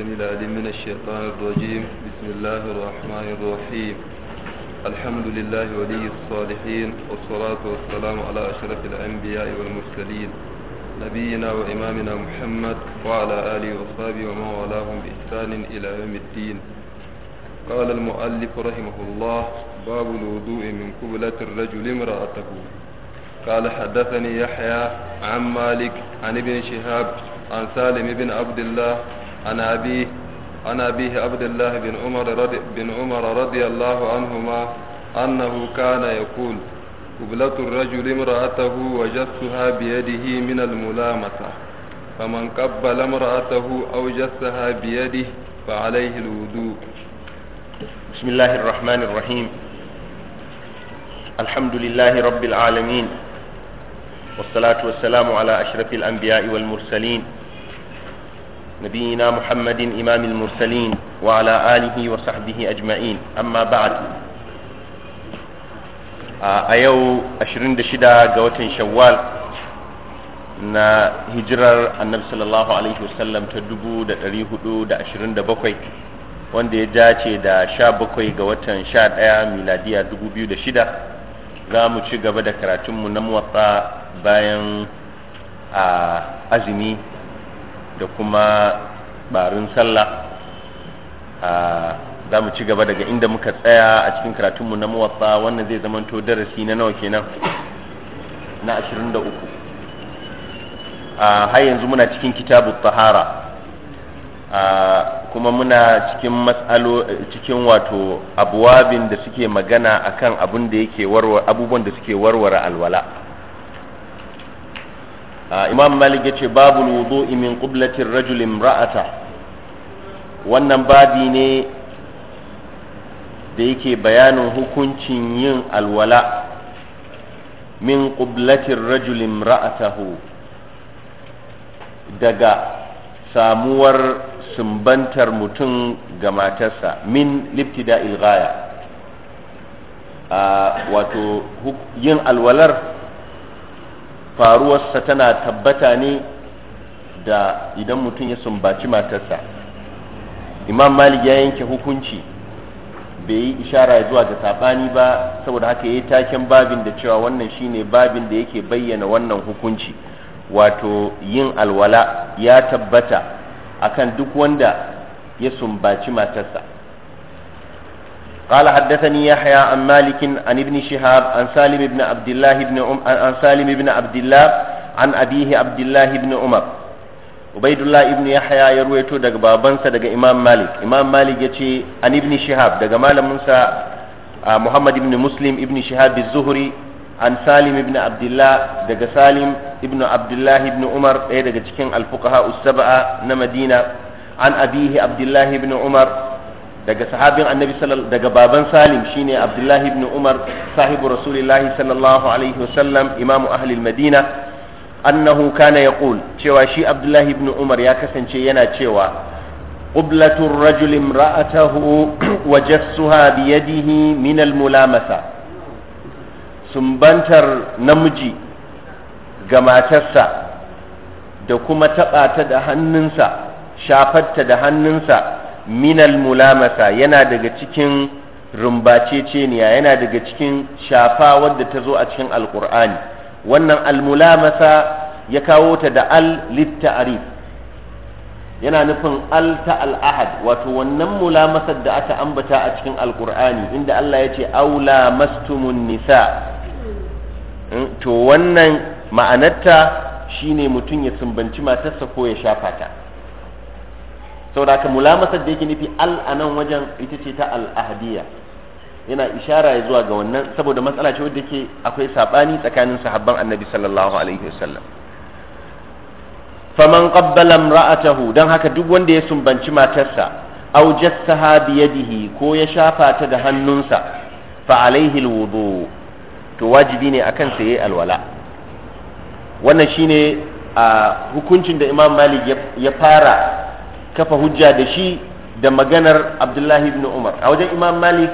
السميع من الشيطان الرجيم بسم الله الرحمن الرحيم الحمد لله ولي الصالحين والصلاة والسلام على أشرف الأنبياء والمرسلين نبينا وإمامنا محمد وعلى آله وصحبه ومن والاهم بإحسان إلى يوم الدين قال المؤلف رحمه الله باب الوضوء من قبلة الرجل امرأته قال حدثني يحيى عن مالك عن ابن شهاب عن سالم بن عبد الله عن أبيه عن أبيه عبد الله بن عمر رضي, بن عمر رضي الله عنهما أنه كان يقول قبلة الرجل امرأته وجسها بيده من الملامسة فمن قبل امرأته أو جسها بيده فعليه الوضوء بسم الله الرحمن الرحيم الحمد لله رب العالمين والصلاة والسلام على أشرف الأنبياء والمرسلين نبينا محمد إمام المرسلين وعلى آله وصحبه أجمعين أما بعد أيو أشرين دشدا قوة شوال na hijirar annabi ta dubu da ɗari hudu da ashirin da bakwai wanda ya dace da sha bakwai ga watan sha ɗaya miladiya dubu biyu da shida za mu ci gaba da karatunmu na muwatsa bayan a azumi da kuma barin sallah za mu ci gaba daga inda muka tsaya a cikin karatunmu na muwatsa wannan zai zama to darasi na nawa kenan na 23 har yanzu muna cikin kitabu tahara kuma muna cikin matsalo cikin wato abuwabin da suke magana akan abun da yake warware abubuwan da suke warware alwala imam malik ya ce babu wudu'i min qublatir rajul imra'ata wannan babi ne da yake bayanin hukuncin yin alwala min qublatir rajul imra'atahu daga samuwar sumbantar mutum ga matarsa min libtida'il ghaya ah, wato yin alwalar faruwarsa tana tabbata ne da idan mutum ya sumbaci matarsa imam malik ya yanke hukunci bai yi ishara zuwa ga saɓani ba saboda haka ya yi taken babin da cewa wannan shine babin da yake bayyana wannan hukunci wato yin alwala ya tabbata akan duk wanda ya sumbaci matarsa قال حدثني يحيى عن مالك عن ابن شهاب عن سالم بن عبد الله بن عم عن سالم بن عبد الله عن أبيه عبد الله بن عمر عبيد الله ابن يحيى يرويته دغ بابنسا دغ إمام مالك امام مالك يتي عن ابن شهاب دغ مالك موسى محمد بن مسلم ابن شهاب الزهري عن سالم بن عبد الله دغ سالم ابن عبد الله بن عمر اي دغ cikin الفقهاء السبعه na Madina عن ابيه عبد الله بن عمر daga sahabin annabi daga baban salim shine abdullahi ibn umar sahibu rasulillahi sallallahu alaihi wasallam imamu ahli madina annahu kana yaqul cewa shi abdullahi ibn umar ya kasance yana cewa qublatur rajul imra'atahu wa jassuha bi yadihi min al mulamasa sumbantar namiji ga matarsa da kuma taɓata da hannunsa shafarta da hannunsa minal mulamata yana daga cikin rumbaceceniya yana daga cikin shafa wadda ta zo a cikin alkur'ani wannan almulamata ya kawo ta da al littarif yana nufin al ta al-ahad. wato wannan mulamasar da aka ambata a cikin alkur'ani inda Allah yace, ce aula mastumun nisa hmm, to wannan ma'anarta shine mutum ya sumbanci matarsa ko ya shafa ta saboda haka mulamasar da yake nufi al a nan wajen ita ce ta al'ahadiyya yana ishara ya zuwa ga wannan saboda matsala ce wadda ke akwai saɓani tsakanin sahabban annabi sallallahu alaihi wasallam faman qabbala imra'atahu dan haka duk wanda ya sumbanci matarsa aw jassaha bi yadihi ko ya shafa ta da hannunsa fa alaihi alwudu to wajibi ne akan sa yayi alwala wannan shine a hukuncin da imam malik ya fara kafa hujja da shi da maganar abdullahi ibn umar a wajen imam malik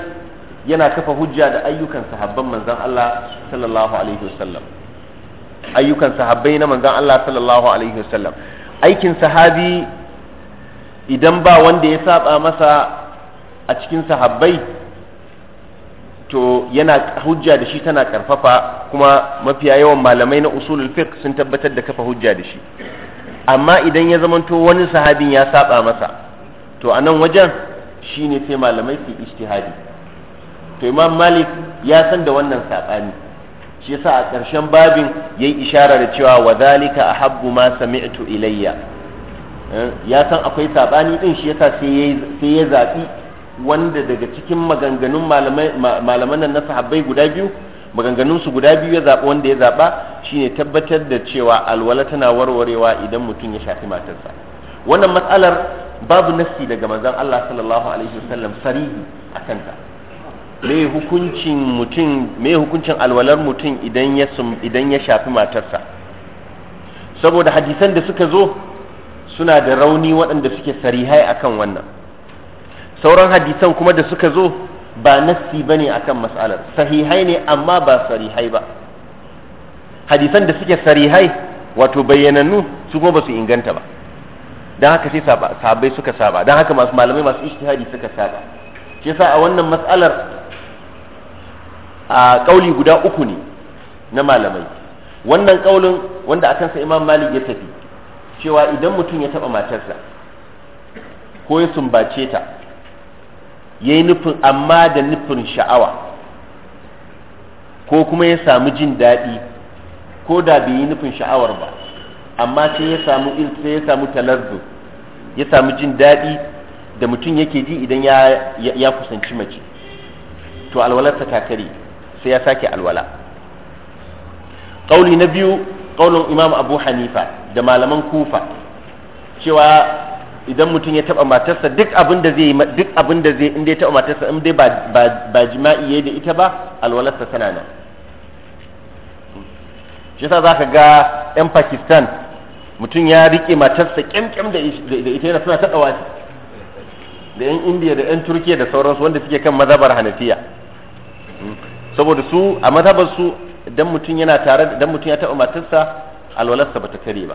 yana kafa hujja da ayyukan sahabban manzon Allah sallallahu alaihi wasallam ayyukan sahabbai na manzon Allah sallallahu alaihi wasallam aikin sahabi idan ba wanda ya saba masa a cikin sahabbai to yana hujja da shi tana karfafa kuma mafiya yawan malamai na usulul fiqh sun tabbatar da kafa hujja da shi amma idan ya zamanto wani sahabin ya saba masa to a nan wajen shine sai malamai su ijtihadi to imam malik ya san da wannan saɓani shi yasa a ƙarshen babin yayi ishara da cewa wa zalika a habbu ma sami'tu ilayya eh, ya san akwai saɓani ɗin shi yasa sai ya zaɓi wanda daga cikin maganganun malaman nan na sahabbai guda biyu maganganun su guda biyu ya zaɓa wanda ya zaɓa shine tabbatar da cewa alwala tana warwarewa idan mutum ya shafi matarsa wannan matsalar babu nassi daga manzon Allah sallallahu alaihi wasallam sarihi a kanta. me hukuncin mutum me hukuncin alwalar mutum idan ya idan ya shafi matarsa saboda hadisan da suka zo suna da rauni waɗanda suke sarihai akan wannan sauran hadisan kuma da suka zo ba nassi bane akan mas'alar sahihai ne amma ba sarihai ba hadisan da suke sarihai wato bayyanannu su kuma ba su inganta ba don haka sai sabai suka saba don haka masu malamai masu ishtihadi suka saba shi yasa a wannan matsalar a kauli guda uku ne na malamai wannan kaulin wanda akan sa imam malik ya tafi cewa idan mutum ya taba matarsa ko ya sumbace ta yayi nufin amma da nufin sha'awa ko kuma ya samu jin daɗi ko da bai yi nufin sha'awar ba amma sai ya samu sai ya samu talazzu ya samu jin daɗi da mutum yake ji idan ya ya kusanci mace to alwalarsa ta kare sai ya sake alwala ƙauli na biyu ƙaunin imam abu hanifa da malaman kufa cewa idan mutum ya taba matarsa duk abin da zai duk abin da zai inda ya taba matarsa in dai ba jima'i yayi da ita ba alwalarsa tana nan shi yasa zaka ga yan Pakistan mutum ya rike matarsa kyamkyam da ita yana suna ta dawaci da yan India da yan Turkiya da sauransu wanda suke kan mazhabar Hanafiya hmm. saboda su a mazhabar su idan mutum yana tare idan mutum ya taba matarsa alwalarsa bata kare ba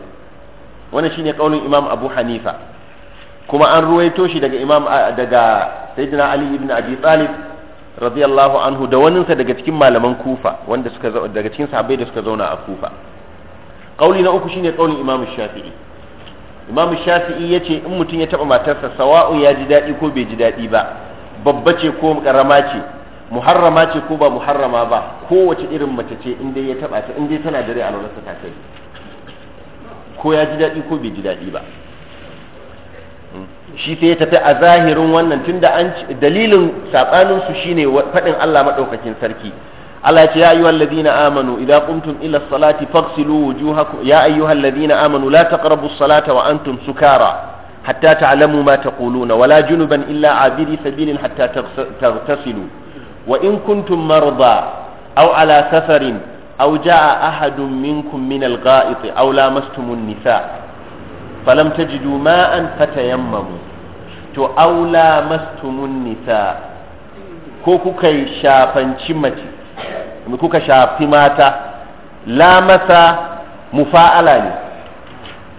wannan shine kaulin Imam Abu Hanifa kuma an ruwaito shi daga imam daga sayyidina ali ibn abi talib radiyallahu anhu da waninsa daga cikin malaman kufa wanda suka daga cikin sahabbai da suka zauna a kufa kauli na uku shine kaulin imam shafi'i imam shafi'i yace in mutum ya taba matarsa sawa'un ya ji dadi ko bai ji dadi ba babba ce ko karama ce muharrama ce ko ba muharrama ba kowace irin mace ce in dai ya taba ta in dai tana dare a lokacin ta kai ko ya ji dadi ko bai ji dadi ba shi sai ya tafi a zahirin wannan tunda dalilin sabanin su shine faɗin Allah maɗaukakin sarki Allah ya ce ya ayyuhal ladina amanu idza qumtum ila salati faghsilu wujuhakum ya ayyuhal ladina amanu la taqrabu salata wa antum sukara hatta ta'lamu ma taquluna wala junuban illa abiri sabilin hatta taghtasilu wa in kuntum marda aw ala safarin aw jaa ahadun minkum min al-gha'iti aw lamastum an-nisa' falam tajidu ma'an fatayammamu to aula mastumun nisa ko kuka shafanci mace kuka shafi mata la masa mufa'ala ne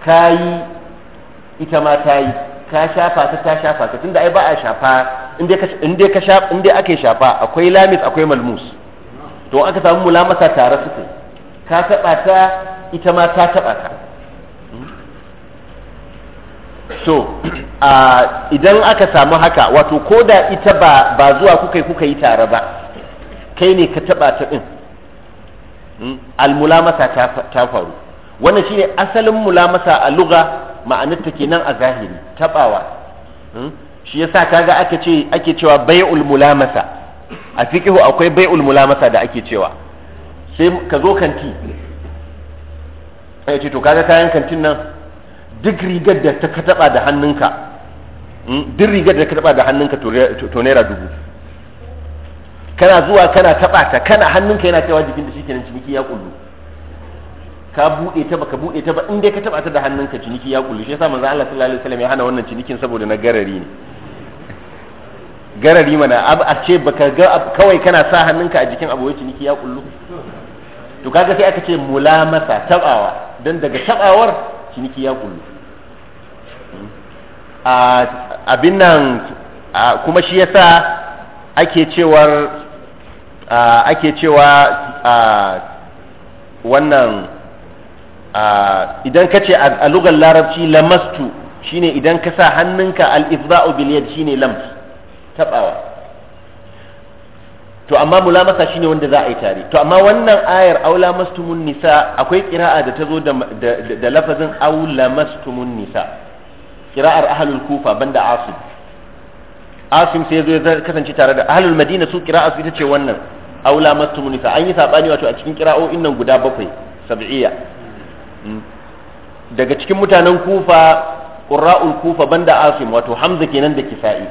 yi ita ma yi, ka shafa ta ta shafa ka tunda ai ba a shafa inda ka shafa inda ake shafa akwai lamis akwai malmus to aka samu mulamasa tare suke ka taba ta ita ma ta taba ka so idan aka samu haka wato ko da ita ba zuwa kuka yi kuka yi tare ba kai ne ka taba ta din hmm? almulamasa ta faru wannan shine asalin mulamasa a luga ma'anarta ta kenan a zahiri tabawa hmm? shi yasa kaga aka ce ake cewa bai'ul mulamasa a fiqhu akwai bai'ul mulamasa da ake cewa sai ka zo kanti sai ce to kaga kayan kantin nan duk rigar da ta taba da hannunka hmm, duk rigar da ka taba da hannunka to naira dubu kana zuwa kana taba ta kana hannunka yana kaiwa jikin da shi kenan ciniki ya kullu ka bude ta baka bude ta ba in dai ka taba ta da hannunka ciniki ya kullu shi yasa manzo Allah sallallahu alaihi wasallam ya hana wannan cinikin saboda na garari ne garari mana a ce baka ga kawai kana sa hannunka a jikin abu ciniki ya kullu to kaga sai aka ce mulamasa tabawa dan daga tabawar ciniki ya kullu abin nan kuma shi yasa ake cewar ake cewa wannan idan ka ce a lugar larabci lamastu shine idan ka sa hannunka al-ifza'u bil yad shine lams tabawa to amma mulamasa shine wanda za a yi tare to amma wannan ayar aula mastumun nisa akwai kira'a da ta zo da lafazin aula mastumun nisa kira'ar ahlul kufa banda asim asim sai zo ya kasance tare da ahlul madina su kira'a su ita ce wannan aula mastumuni fa an yi sabani wato a cikin kira'o'in nan guda bakwai sab'iyya hmm. daga cikin mutanen kufa qurra'ul kufa banda asim wato hamza kenan da kisa'i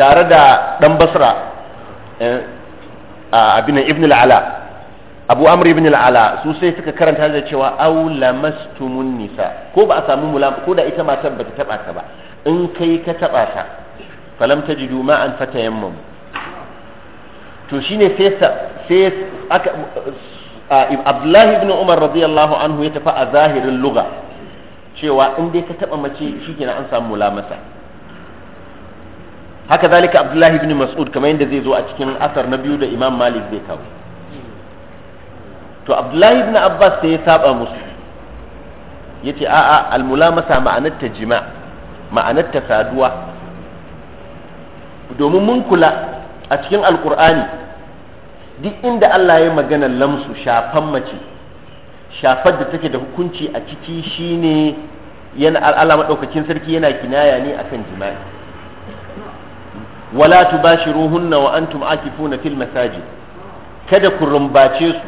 tare da dan basra eh, a abin ibn al-ala abu amr ibn al-ala su sai suka karanta da cewa aw lamastumun nisa ko ba a samu mulam ko da ita matar bata taba ta ba in kai ka taba ta falam tajidu ma'an fatayammam to shine sai sai aka Abdullahi ibn Umar radiyallahu anhu ya tafi a zahirin luga cewa in dai ka taba mace shikenan an samu mulamasa haka zalika Abdullahi ibn Mas'ud kamar yadda zai zo a cikin asar na biyu da Imam Malik zai kawo to abdullahi ibn abbas sai ya saba musu yace a'a almulamasa ma'anar ta jima ma'anar ta saduwa domin mun kula a cikin alkur'ani duk inda Allah ya magana lamsu shafan mace shafar da take da hukunci a ciki shine yana al'ala madaukakin sarki yana kinaya ne akan jima'i wala tu bashi tubashiruhunna wa antum akifuna fil masajid kada ku rumbace su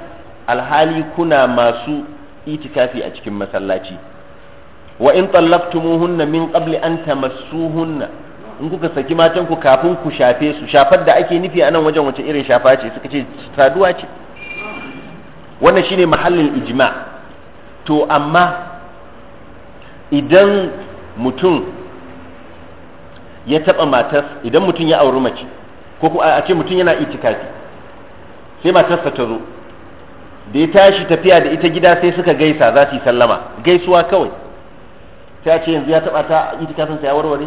alhali kuna masu itikafi a cikin masallaci wa in tallaftumuhunna min qabli an tamassuhunna in kuka saki matan ku kafin ku shafe su shafar da ake nufi a nan wajen wace irin shafa ce suka ce saduwa ce wannan shine mahallin ijma to amma idan mutum ya taba matar idan mutum ya auri mace ko a ce mutum yana itikafi sai matarsa ta zo da ya tashi tafiya da ita gida sai suka gaisa za su yi sallama gaisuwa kawai ta ce yanzu ya taba ta kafin sa ya warware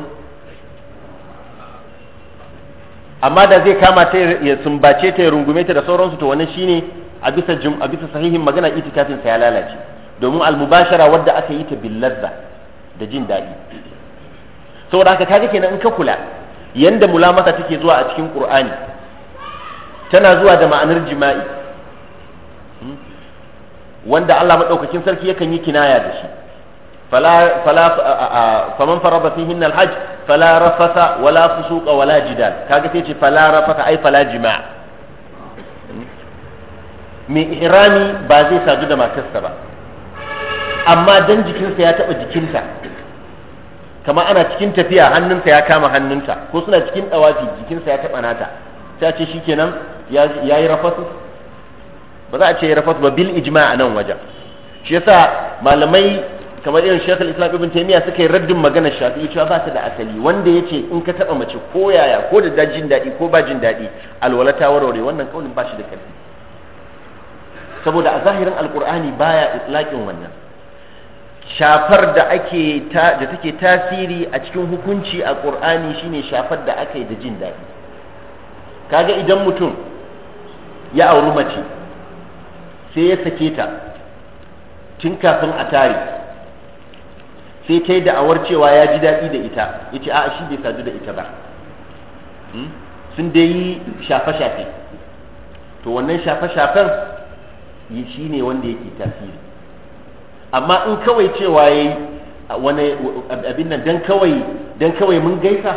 amma da zai kama ta ya sumbace ta ya rungume ta da sauransu to wannan shine a bisa a bisa sahihin magana itikafin sa ya lalace domin almubashara wadda aka yi ta billazza da jin daɗi saboda haka kaga kenan in ka kula yanda mulamata take zuwa a cikin qur'ani tana zuwa da ma'anar jima'i wanda Allah madaukakin sarki yakan yi kinaya da shi fala fala faman farada fihin alhajj fala rafasa wala fusuqa wala jidal kaga sai ce fala rafasa ai fala jima' mi ihrami ba zai sadu da matarsa ba amma dan jikinsa ya taba jikinta kama ana cikin tafiya hannunsa ya kama hannunta ko suna cikin dawafi jikinsa ya taba nata ta ce shikenan ya yi rafasa. ba za a ce rafat ba bil ijma a nan wajen shi yasa malamai kamar irin Sheikh Islam Ibn Taymiyyah suka yi raddin maganar Shafi'i cewa ba ta da asali wanda yace in ka taba mace ko yaya ko da jin daɗi ko ba jin daɗi alwala ta warware wannan kaulin ba shi da ƙarfi saboda a zahirin alqur'ani baya itlaqin wannan shafar da ake ta da take tasiri a cikin hukunci a qur'ani shine shafar da aka yi da jin daɗi kaga idan mutum ya auri mace sai ya sake ta tun kafin a tare sai ta yi da'awar cewa ya ji daɗi da ita ya ce a'a shi bai sadu da ita ba hmm? sun dai yi shafe-shafe to wannan shafe-shafen yi shi ne wanda yake tasiri amma in kawai cewa ya yi wani abin nan don kawai mun gaisa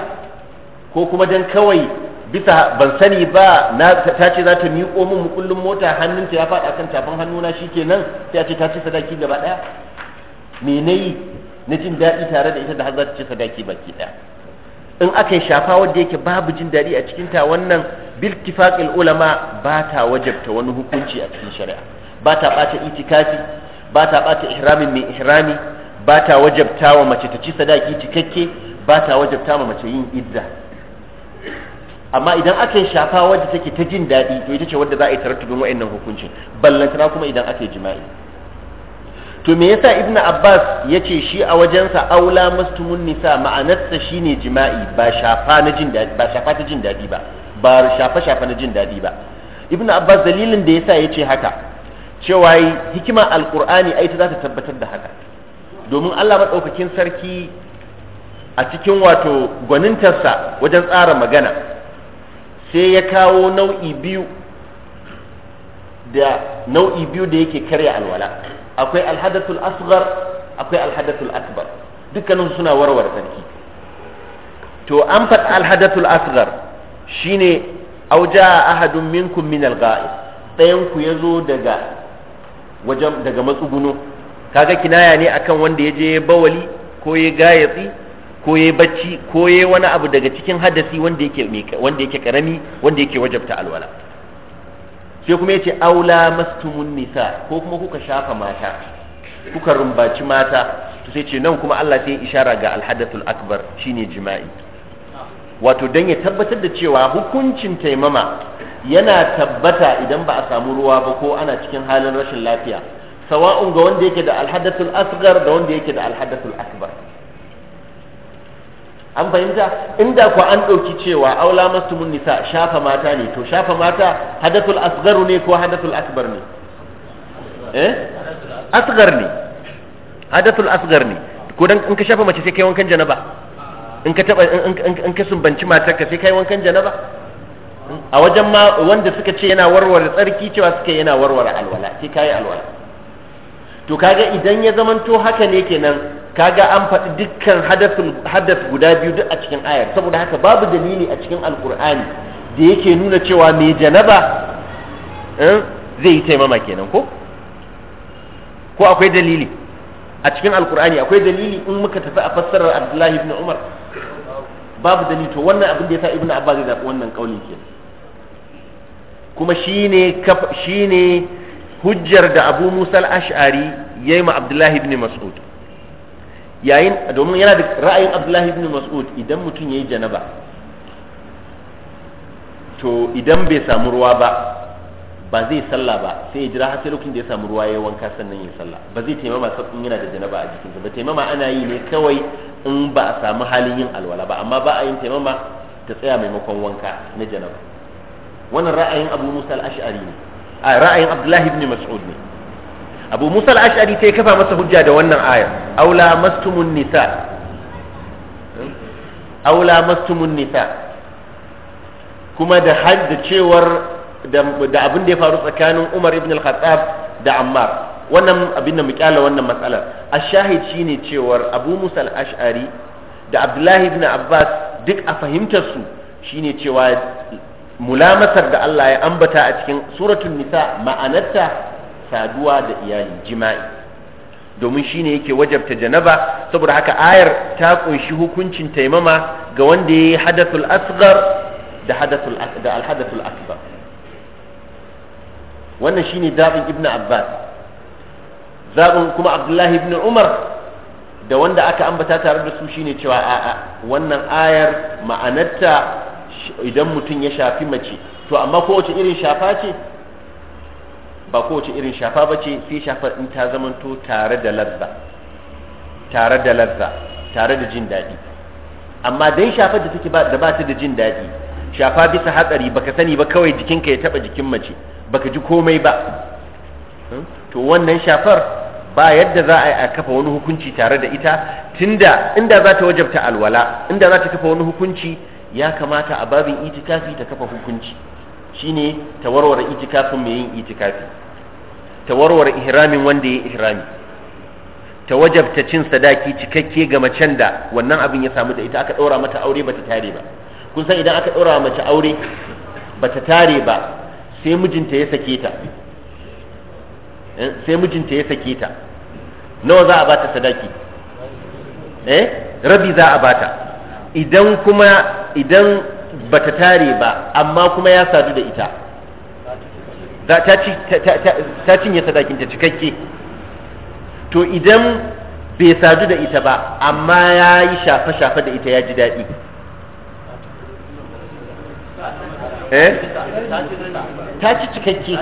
ko kuma don kawai bisa ban sani ba na ta ce za ta miƙo min mukullin mota hannunta ya faɗa kan tafin hannuna shikenan sai a ce ta ci sadaki gaba ɗaya me na yi na jin daɗi tare da ita da har za ta ci sadaki baki ɗaya in aka yi shafa wanda yake babu jin daɗi a cikin ta wannan bil tifaqil ulama ba ta wajabta wani hukunci a cikin shari'a ba ta ɓata itikafi ba ta ɓata ihramin mai ihrami ba ta wajabta wa mace ta ci sadaki cikakke ba ta wajabta wa mace yin idda amma idan ake shafa wadda take ta jin daɗi to ita ce wadda za a yi tarattubin wa'annan hukuncin ballantana kuma idan aka jima'i to me yasa ibn abbas ya ce shi a wajensa aula mustumun nisa ma'anarsa shine jima'i ba shafa na jin daɗi ba shafa ta jin daɗi ba ba shafa shafa na jin daɗi ba ibn abbas dalilin da yasa ya ce haka cewa hikima alqur'ani ai ta za ta tabbatar da haka domin allah madaukakin sarki a cikin wato gwanintarsa wajen tsara magana sai ya kawo nau'i biyu da nau'i biyu da yake karya alwala akwai alhadatul asghar akwai alhadatul akbar dukkanin suna warware sarki to an faɗi alhadatul asghar shine auja ahadun minkum min alghaib ɗayan ku yazo daga wajen daga matsuguno kaga kinaya ne akan wanda ya je bawali ko ya gayatsi ko yayi bacci ko yayi wani abu daga cikin hadasi wanda yake wanda yake karami wanda yake wajabta alwala sai kuma yace aula mastumun nisa ko kuma kuka shafa mata kuka rumbaci mata to sai ce nan kuma Allah sai ya ishara ga alhadathul akbar shine jima'i wato dan ya tabbatar da cewa hukuncin taimama yana tabbata idan ba a samu ruwa ba ko ana cikin halin rashin lafiya sawa'un ga wanda yake da alhadathul asghar da wanda yake da alhadathul akbar an fahimta inda ku an ɗauki cewa aula mastumun nisa shafa mata ne to shafa mata hadathul asgaru ne ko hadathul akbar ne eh asgar ne hadathul asgar ne ko dan in ka shafa mace sai kai wankan janaba in ka taba in ka sunbanci mata ka sai kai wankan janaba a wajen ma wanda suka ce yana warware tsarki cewa suka yana warware alwala sai kai alwala to kaga idan ya zamanto haka ne kenan kaga an faɗi dukkan hadas guda biyu duk a cikin ayar saboda haka babu dalili a cikin alkur'ani da yake nuna cewa mai janaba eh, zai yi taimama kenan ko ko akwai dalili a cikin alkur'ani akwai dalili in muka tafi a fassarar abdullahi ibn umar babu dalili to wannan abin da ya sa ibn abba zai zaɓi wannan ƙaunin kenan kuma shine shine hujjar da abu musa al-ash'ari yayi ma abdullahi ibn mas'ud yayin domin yana da ra'ayin abdullahi ibn mas'ud idan mutum yayi janaba to idan bai samu ruwa ba ba zai sallah ba sai ya jira har sai lokacin da ya samu ruwa ya wanka sannan ya sallah ba zai taimama in yana da janaba a sa ba taimama ana yi ne kawai in ba a samu halin yin alwala ba amma ba a yin taimama ta tsaya maimakon wanka na janaba wannan ra'ayin abu musa al-ash'ari ne a ra'ayin abdullahi ibn mas'ud ne abu musa al-ash'ari sai kafa masa hujja da wannan ayar aula mastumun nisa aula mastumun nisa kuma da hajj da cewar da abin da ya faru tsakanin Umar ibn al-Khattab da Ammar wannan abin da mukyala wannan matsalar shi ne cewar Abu Musa al-Ash'ari da Abdullahi ibn Abbas duk a fahimtar su shine cewa mulamasar da Allah ya ambata a cikin suratun nisa ma'anarta saduwa da iyali jima'i domin shine yake wajabta janaba saboda haka ayar ta kunshi hukuncin taimama ga wanda yayi hadathul asghar da hadathul da hadathul akbar wannan shine zabin ibn abbas zabin kuma abdullahi ibn umar da wanda aka ambata tare da su shine cewa a'a wannan ayar ma'anarta idan mutum ya shafi mace to amma kowace irin shafa ce ba kowace irin shafa ba ce sai shafar in ta zamanto tare da lazza tare da lazza tare da jin daɗi amma dan shafar da take da ba ta da jin daɗi shafa bisa hatsari baka sani ba kawai jikinka ya taba jikin mace baka ji komai ba hmm? to wannan shafar ba yadda za a yi a kafa wani hukunci tare da ita tunda inda za ta wajabta alwala inda za ta kafa wani hukunci ya kamata a babin itikafi ta kafa hukunci shine ta warware itikafin mai yin itikafi ta warware ihramin wanda ya ihrami ta wajabta cin sadaki cikakke ga macen da wannan abin ya samu da ita aka ɗora mata aure bata tare ba kun san idan aka ɗora mace aure bata tare ba sai mijinta ya sake ta eh, sai mijinta ya sake ta nawa za a bata sadaki eh rabi za a bata idan kuma idan bata tare ba amma kuma ya sadu da ita ta cinye sadakinta cikakke to idan bai sadu da ita ba amma ya yi shafe-shafe da ita ya ji daɗi eh? ta ci cikakke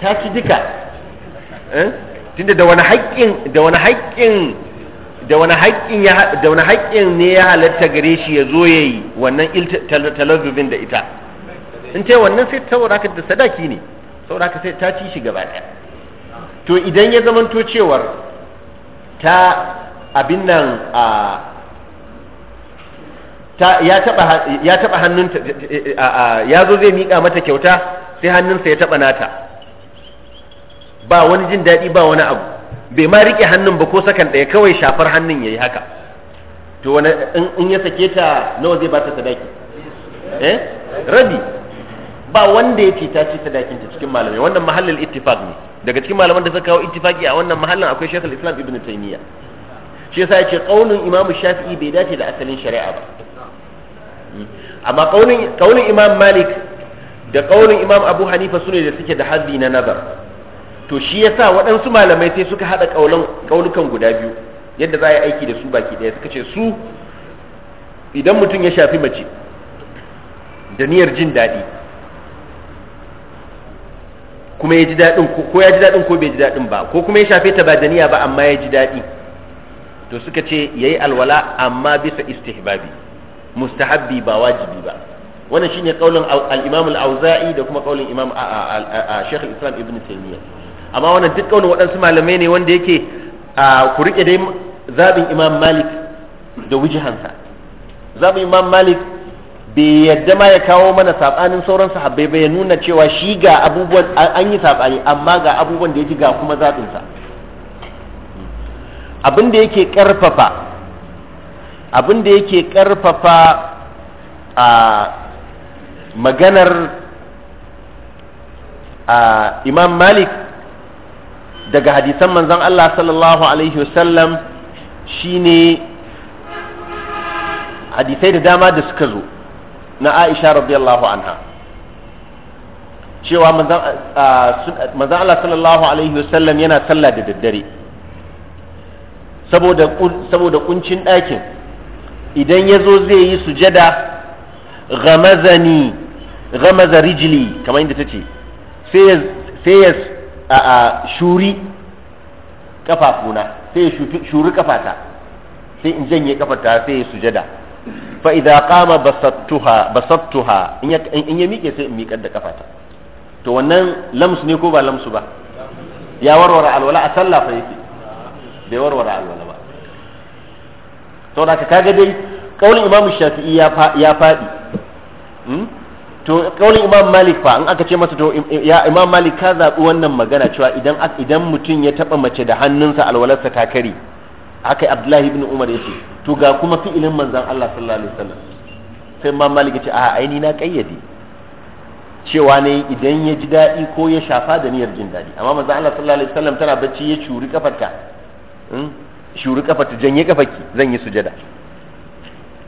ta ci duka eh? tunda da wani haƙƙin da wani haƙƙin ne ya halatta gare shi ya zo ya yi wannan talazubin da ita in ce wannan sai saboda da sadaki ne saboda sai ta ci shi gaba ɗaya to idan ya zamanto cewar ta abin nan a ta ya taba ya taba eh, eh, eh, ya zo zai miƙa mata kyauta sai hannunsa ya taba nata ba wani jin daɗi ba wani abu bai ma rike hannun ba ko sakan ɗaya kawai shafar hannun yayi haka to wani in ya sake ta nawa zai ba ta sadaki eh? rabi ba wanda ya ce ta ce sadakinta cikin malamai wannan mahallin ittifaq ne daga cikin malaman da suka kawo ittifaqi a wannan mahallin akwai Sheikhul Islam Ibn Taymiyyah shi yasa yace kaunin Imam Shafi'i bai dace da asalin shari'a ba amma kaunin Imam Malik da kaunin Imam Abu Hanifa sune da suke da haddi na nazar to shi yasa waɗansu malamai sai suka haɗa ƙaunukan guda biyu yadda za a yi aiki da su baki ɗaya suka ce su idan mutum ya shafi mace da niyyar jin daɗi kuma ya ji daɗin ko ya ji daɗin ko bai ji daɗin ba ko kuma ya shafe ta ba da niyya ba amma ya ji daɗi to suka ce yayi alwala amma bisa istihbabi mustahabbi ba wajibi ba wannan shine kaulin al-Imam al-Auza'i da kuma kaulin Imam a Sheikh Islam Ibn Taymiyyah amma wannan duk wani waɗansu malamai ne wanda yake a ku riƙe dai zaɓin imam malik da wujihansa zaɓin imam malik bai yadda ma ya kawo mana saɓanin sauran sahabbai bai nuna cewa shi ga abubuwan an yi saɓani amma ga abubuwan da ya ji ga kuma zaɓinsa abin da yake ƙarfafa abin da yake ƙarfafa a maganar a imam malik daga hadisan manzon Allah sallallahu alaihi wasallam shine hadisai da dama da suka zo na Aisha radiyallahu anha cewa manzon Allah sallallahu alaihi wasallam yana sallah da daddare saboda saboda kuncin ɗakin idan ya zo zai yi sujada ghamazani ghamaza rijli kamar inda ta ce sai ya a shuri kafafuna sai ya shuri kafata sai in janye kafata sai ya sujada fa idza qama basattuha basattuha in ya miƙe sai in miƙar da kafata to wannan lamsu ne ko ba lamsu ba ya warware alwala a sallah fa yake bai warware alwala ba saboda ka kaga dai kaulin imam shafi'i ya faɗi hmm? to kaulin imam malik fa in aka ce masa to ya imam malik ka zaɓi wannan magana cewa idan idan mutum ya taɓa mace da hannunsa alwalarsa ta kare aka yi abdullahi ibn umar ya ce to ga kuma fi'ilin manzan allah sallallahu alaihi wasallam sai imam malik ya ce a aini na kayyade cewa ne idan ya ji daɗi ko ya shafa da niyyar jin daɗi amma manzan allah sallallahu alaihi wasallam tana bacci ya shuri kafarka hmm? shuri kafarta janye kafarki zan yi sujada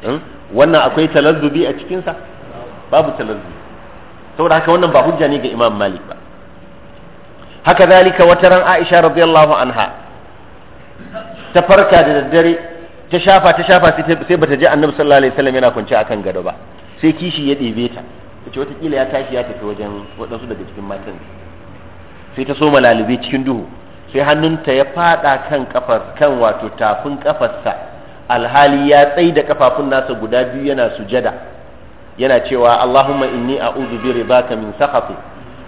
hmm? wannan akwai talazzubi a cikinsa babu talazzu saboda haka wannan ba hujja ne ga imam malik ba haka zalika wata ran aisha radiyallahu anha ta farka da daddare ta shafa ta shafa sai bata ji annabi sallallahu alaihi wasallam yana kwance akan gado ba sai kishi ya ɗebe ta tace watakila ya tashi ya tafi wajen waɗansu daga cikin matan sai ta soma lalube cikin duhu sai hannunta ya fada kan kafar kan wato tafin kafarsa alhali ya tsaida kafafun nasa guda biyu yana sujada yana cewa Allahumma inni a'udhu bi ridaka min sakhati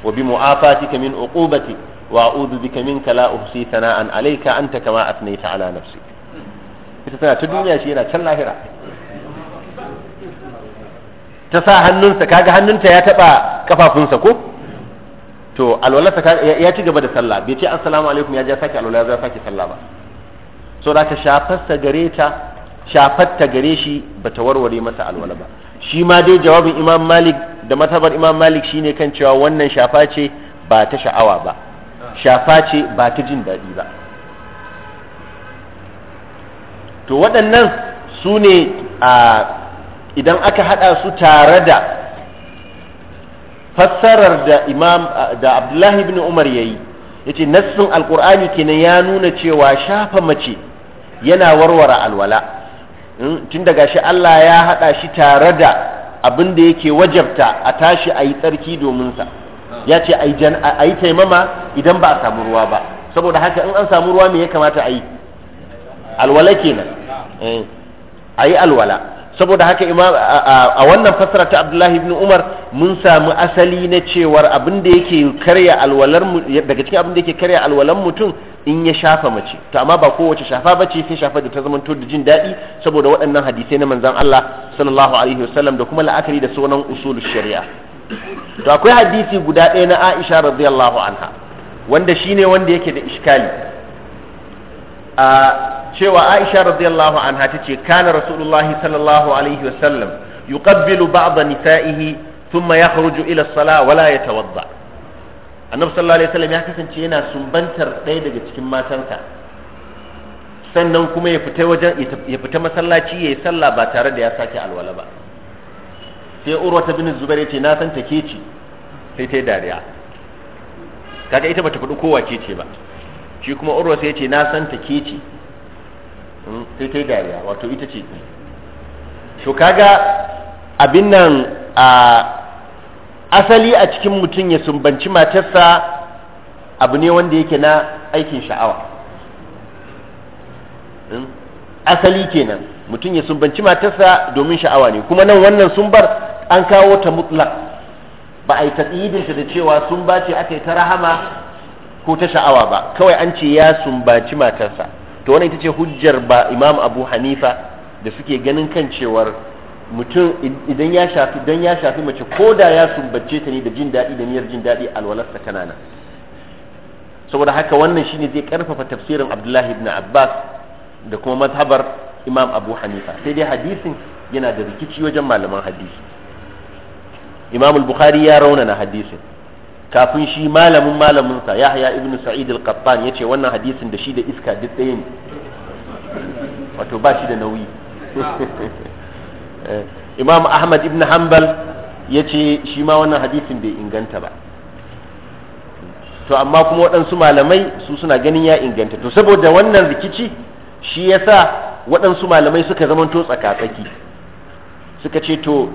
wa bi mu'afatika min uqubati wa a'udhu bika minka la uhsi thana'an alayka anta kama athnayta ala nafsi ita tana ta duniya shi yana can lahira ta sa hannunsa kaga hannunta ya taba kafafunsa ko to alwalarsa ya ci gaba da sallah bai ce assalamu alaikum ya ja sake alwala ya saki sallah ba so da ka shafarsa gare ta shafarta gare shi bata warware masa alwala ba shi ma dai jawabin imam malik da matabar imam malik shine kan cewa wannan shafa ce ba ta sha'awa ba shafa ce ba ta jin daɗi ba to waɗannan su ne idan aka haɗa su tare da fassarar da imam da abdullahi ibn umar ya yi ya ce nassin alkur'ani kenan ya nuna cewa shafa mace yana warware alwala Hmm? tun daga shi Allah ya haɗa shi tare da abin da yake wajabta a tashi a yi tsarki dominsa ya ce a yi taimama idan ba a samu ruwa ba saboda haka in an samu ruwa me ya kamata a yi alwala kenan eh, a yi alwala saboda haka a wannan fassara ta abdullahi ibn umar mun samu asali na cewar abin da yake karya alwalar daga cikin abin da yake karya alwalar mutum in ya shafa mace to amma ba kowace shafa ce sai shafa da ta zamanto da jin daɗi saboda waɗannan hadisai na manzan Allah sallallahu alaihi wasallam da kuma la'akari da sunan usulul shari'a to akwai hadisi guda ɗaya na Aisha radiyallahu anha wanda shine wanda yake da iskali a cewa Aisha radiyallahu anha ce, kana rasulullahi sallallahu alaihi wasallam yuqabbilu ba'd nisa'ihi thumma yakhruju ila as-salah wa la yatawadda' annabi sallallahu alaihi wasallam ya kasance yana sumbantar ɗaya daga cikin matansa sannan kuma ya fita wajen ya fita masallaci yayi sallah ba tare da ya sake alwala ba sai urwata bin zubair ya ce na san take ce, sai ta dariya kaga ita bata faɗi kowa ce ce ba shi kuma urwa sai ya ce na san take ce, hmm, sai ta dariya wato ita ce to kaga abin nan a asali a cikin mutum ya sumbanci matarsa abu ne wanda yake na aikin sha'awa hmm? asali kenan mutum ya sumbanci matarsa domin sha'awa ne kuma nan wannan sumbar an kawo ta mutlak ba a yi tatsiyidinta da cewa sumba ce aka yi ta rahama ko ta sha'awa ba kawai an ce ya sumbaci matarsa to wannan ita ce hujjar ba imam abu hanifa da suke ganin kan cewar mutum idan ya shafi don ya shafi mace ko da ya sumbace ta ne da jin daɗi da niyyar jin daɗi alwalarsa tana nan saboda haka wannan shine zai karfafa tafsirin abdullahi ibn abbas da kuma mazhabar imam abu hanifa sai dai hadisin yana da rikici wajen malaman hadisi imam al-bukhari ya raunana hadisin kafin shi malamin malaminsa yahya ibn sa'id al-qattan yace wannan hadisin da shi da iska duk ɗaya ne wato ba shi da nauyi imam ahmad ibn hanbal ya ce shi ma wannan hadisin bai inganta ba to amma kuma waɗansu malamai su suna ganin ya inganta to saboda wannan rikici shi ya sa waɗansu malamai suka zama tsaka-tsaki suka ce to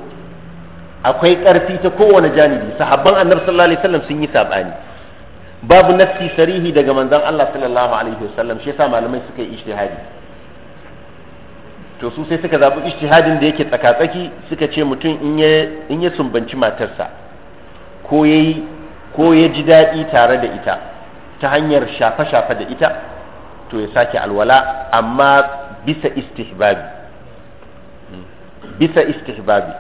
akwai ƙarfi ta kowane janibi sahabban annabi sallallahu alaihi wasallam sun yi saɓani babu nassi sarihi daga manzon Allah sallallahu alaihi wasallam shi yasa malamai suka yi ijtihadi to su sai suka zaɓi ijtihadin da yake tsakatsaki suka ce mutum in ya sumbanci matarsa ko ya ko ya ji daɗi tare da ita ta hanyar shafe-shafe da ita to ya sake alwala amma bisa istihbabi bisa istihbabi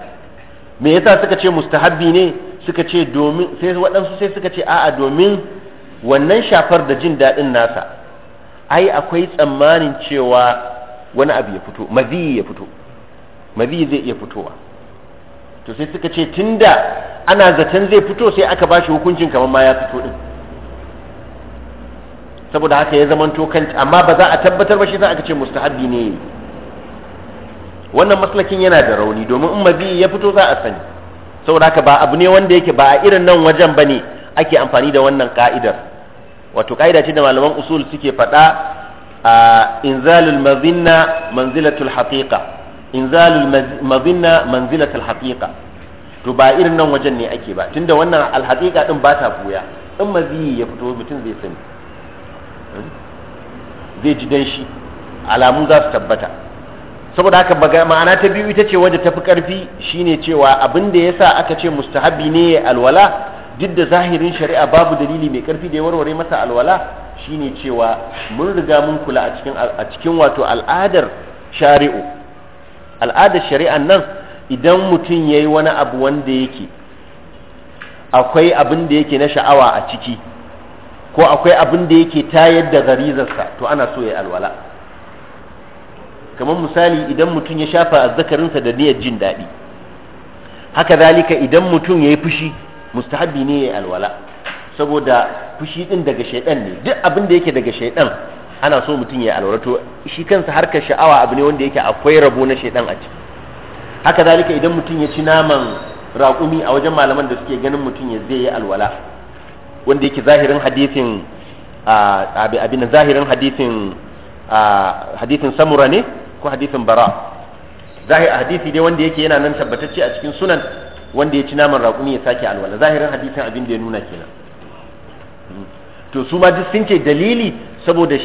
me yasa suka ce mustahabbi ne suka ce domin sai waɗansu sai suka ce a'a domin wannan shafar da jin daɗin nasa ai akwai tsammanin cewa wani abu ya fito mazi ya fito mazi zai iya fitowa to sai suka ce tunda ana zaton zai fito sai aka bashi hukuncin kamar ma ya fito din saboda haka ya zamanto kan amma ba za a tabbatar ba shi za aka ce mustahabbi ne wannan maslakin yana da rauni domin in mazi ya fito za a sani saboda haka ba abu ne wanda yake ba a irin nan wajen bane ake amfani da wannan ka'idar wato ka'ida ce da malaman usul suke faɗa inzalul mazinna manzilatul haqiqa inzalul mazinna manzilatul haqiqa to ba irin nan wajen ne ake ba tunda wannan alhaqiqa din ba ta buya in mazi ya fito mutum zai sani zai ji shi alamu za su tabbata saboda haka ma'ana ta biyu ita ce wadda tafi karfi shine cewa abin da yasa aka ce mustahabi ne alwala duk da zahirin shari'a babu dalili mai karfi da ya warware masa alwala shine cewa mun riga mun kula a cikin a cikin wato al'adar shari'u al'adar shari'an nan idan mutum ya yi wani abu wanda yake akwai abin da yake na sha'awa a ciki ko akwai abin da yake tayar da garizarsa to ana so ya alwala kamar misali idan mutum ya shafa azzakarinsa da niyyar jin daɗi haka zalika idan mutum ya yi fushi mustahabbi ne ya alwala saboda fushi din daga shaidan ne duk abin da yake daga shaidan ana so mutum ya alwala to shi kansa harkar sha'awa abu ne wanda yake akwai rabo na shaidan a ciki haka zalika idan mutum ya ci naman raƙumi a wajen malaman da suke ganin mutum ya zai yi alwala wanda yake zahirin hadisin abin zahirin hadisin hadisin samura ne ko hadisin bara zahir hadisi dai wanda yake yana nan tabbatacce a cikin sunan wanda ya ci naman raƙumi ya sake alwala zahirin hadisin abin da ya nuna kenan to su ma duk sun ce dalili saboda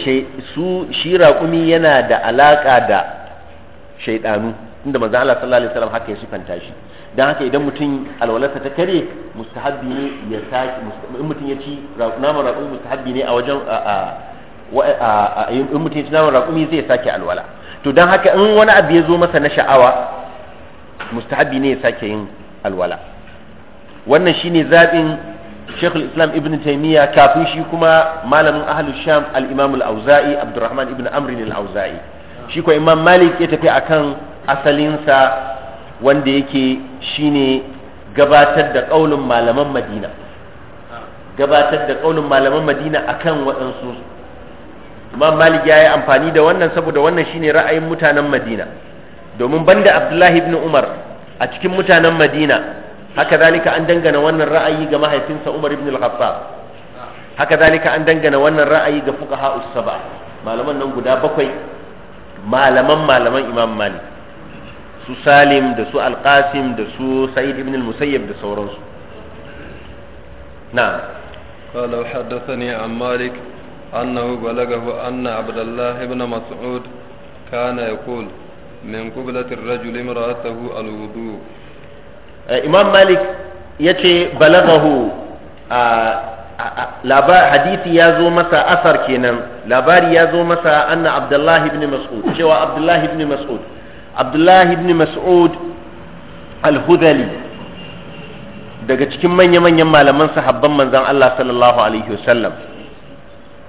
su shi raƙumi yana da alaƙa da shaidanu tunda manzo Allah sallallahu alaihi wasallam haka ya sifanta shi dan haka idan mutum alwalarsa ta kare mustahabbi ne ya sake in mutum ya ci naman raƙumi mustahabbi ne a wajen in mutum ya ci naman raƙumi zai sake alwala to dan haka in wani abu ya zo masa na sha'awa mustahabbi ne ya sake yin alwala wannan shine zaɓin shekul islam ibn taimiyya kafin shi kuma malamin ahlus sham al-imam al-auza'i abdurrahman ibn amr al-auza'i shi ko imam malik ya tafi akan asalinsa wanda yake shine gabatar da kaulin malaman madina gabatar da kaulin malaman madina akan waɗansu imam malik ya yi amfani da wannan saboda wannan shine ra'ayin mutanen madina domin banda abdullahi ibnu umar a cikin mutanen madina haka zalika an dangana wannan ra'ayi ga mahaifinsa umar ibn al-khattab haka zalika an dangana wannan ra'ayi ga fuqaha us-saba malaman nan guda bakwai malaman malaman imam malik su salim da su al-qasim da su sa'id ibn al-musayyib da sauransu na'am قال وحدثني عن مالك أنه بلغه أن عبد الله بن مسعود كان يقول min qiblatir rajul imra'atahu alwudu imam malik yace balaghahu labar hadisi ya zo masa asar kenan labari ya zo masa anna abdullahi ibn mas'ud cewa abdullahi ibn mas'ud abdullahi ibn mas'ud al-hudali daga cikin manya-manyan malaman sahabban manzan Allah sallallahu alaihi wasallam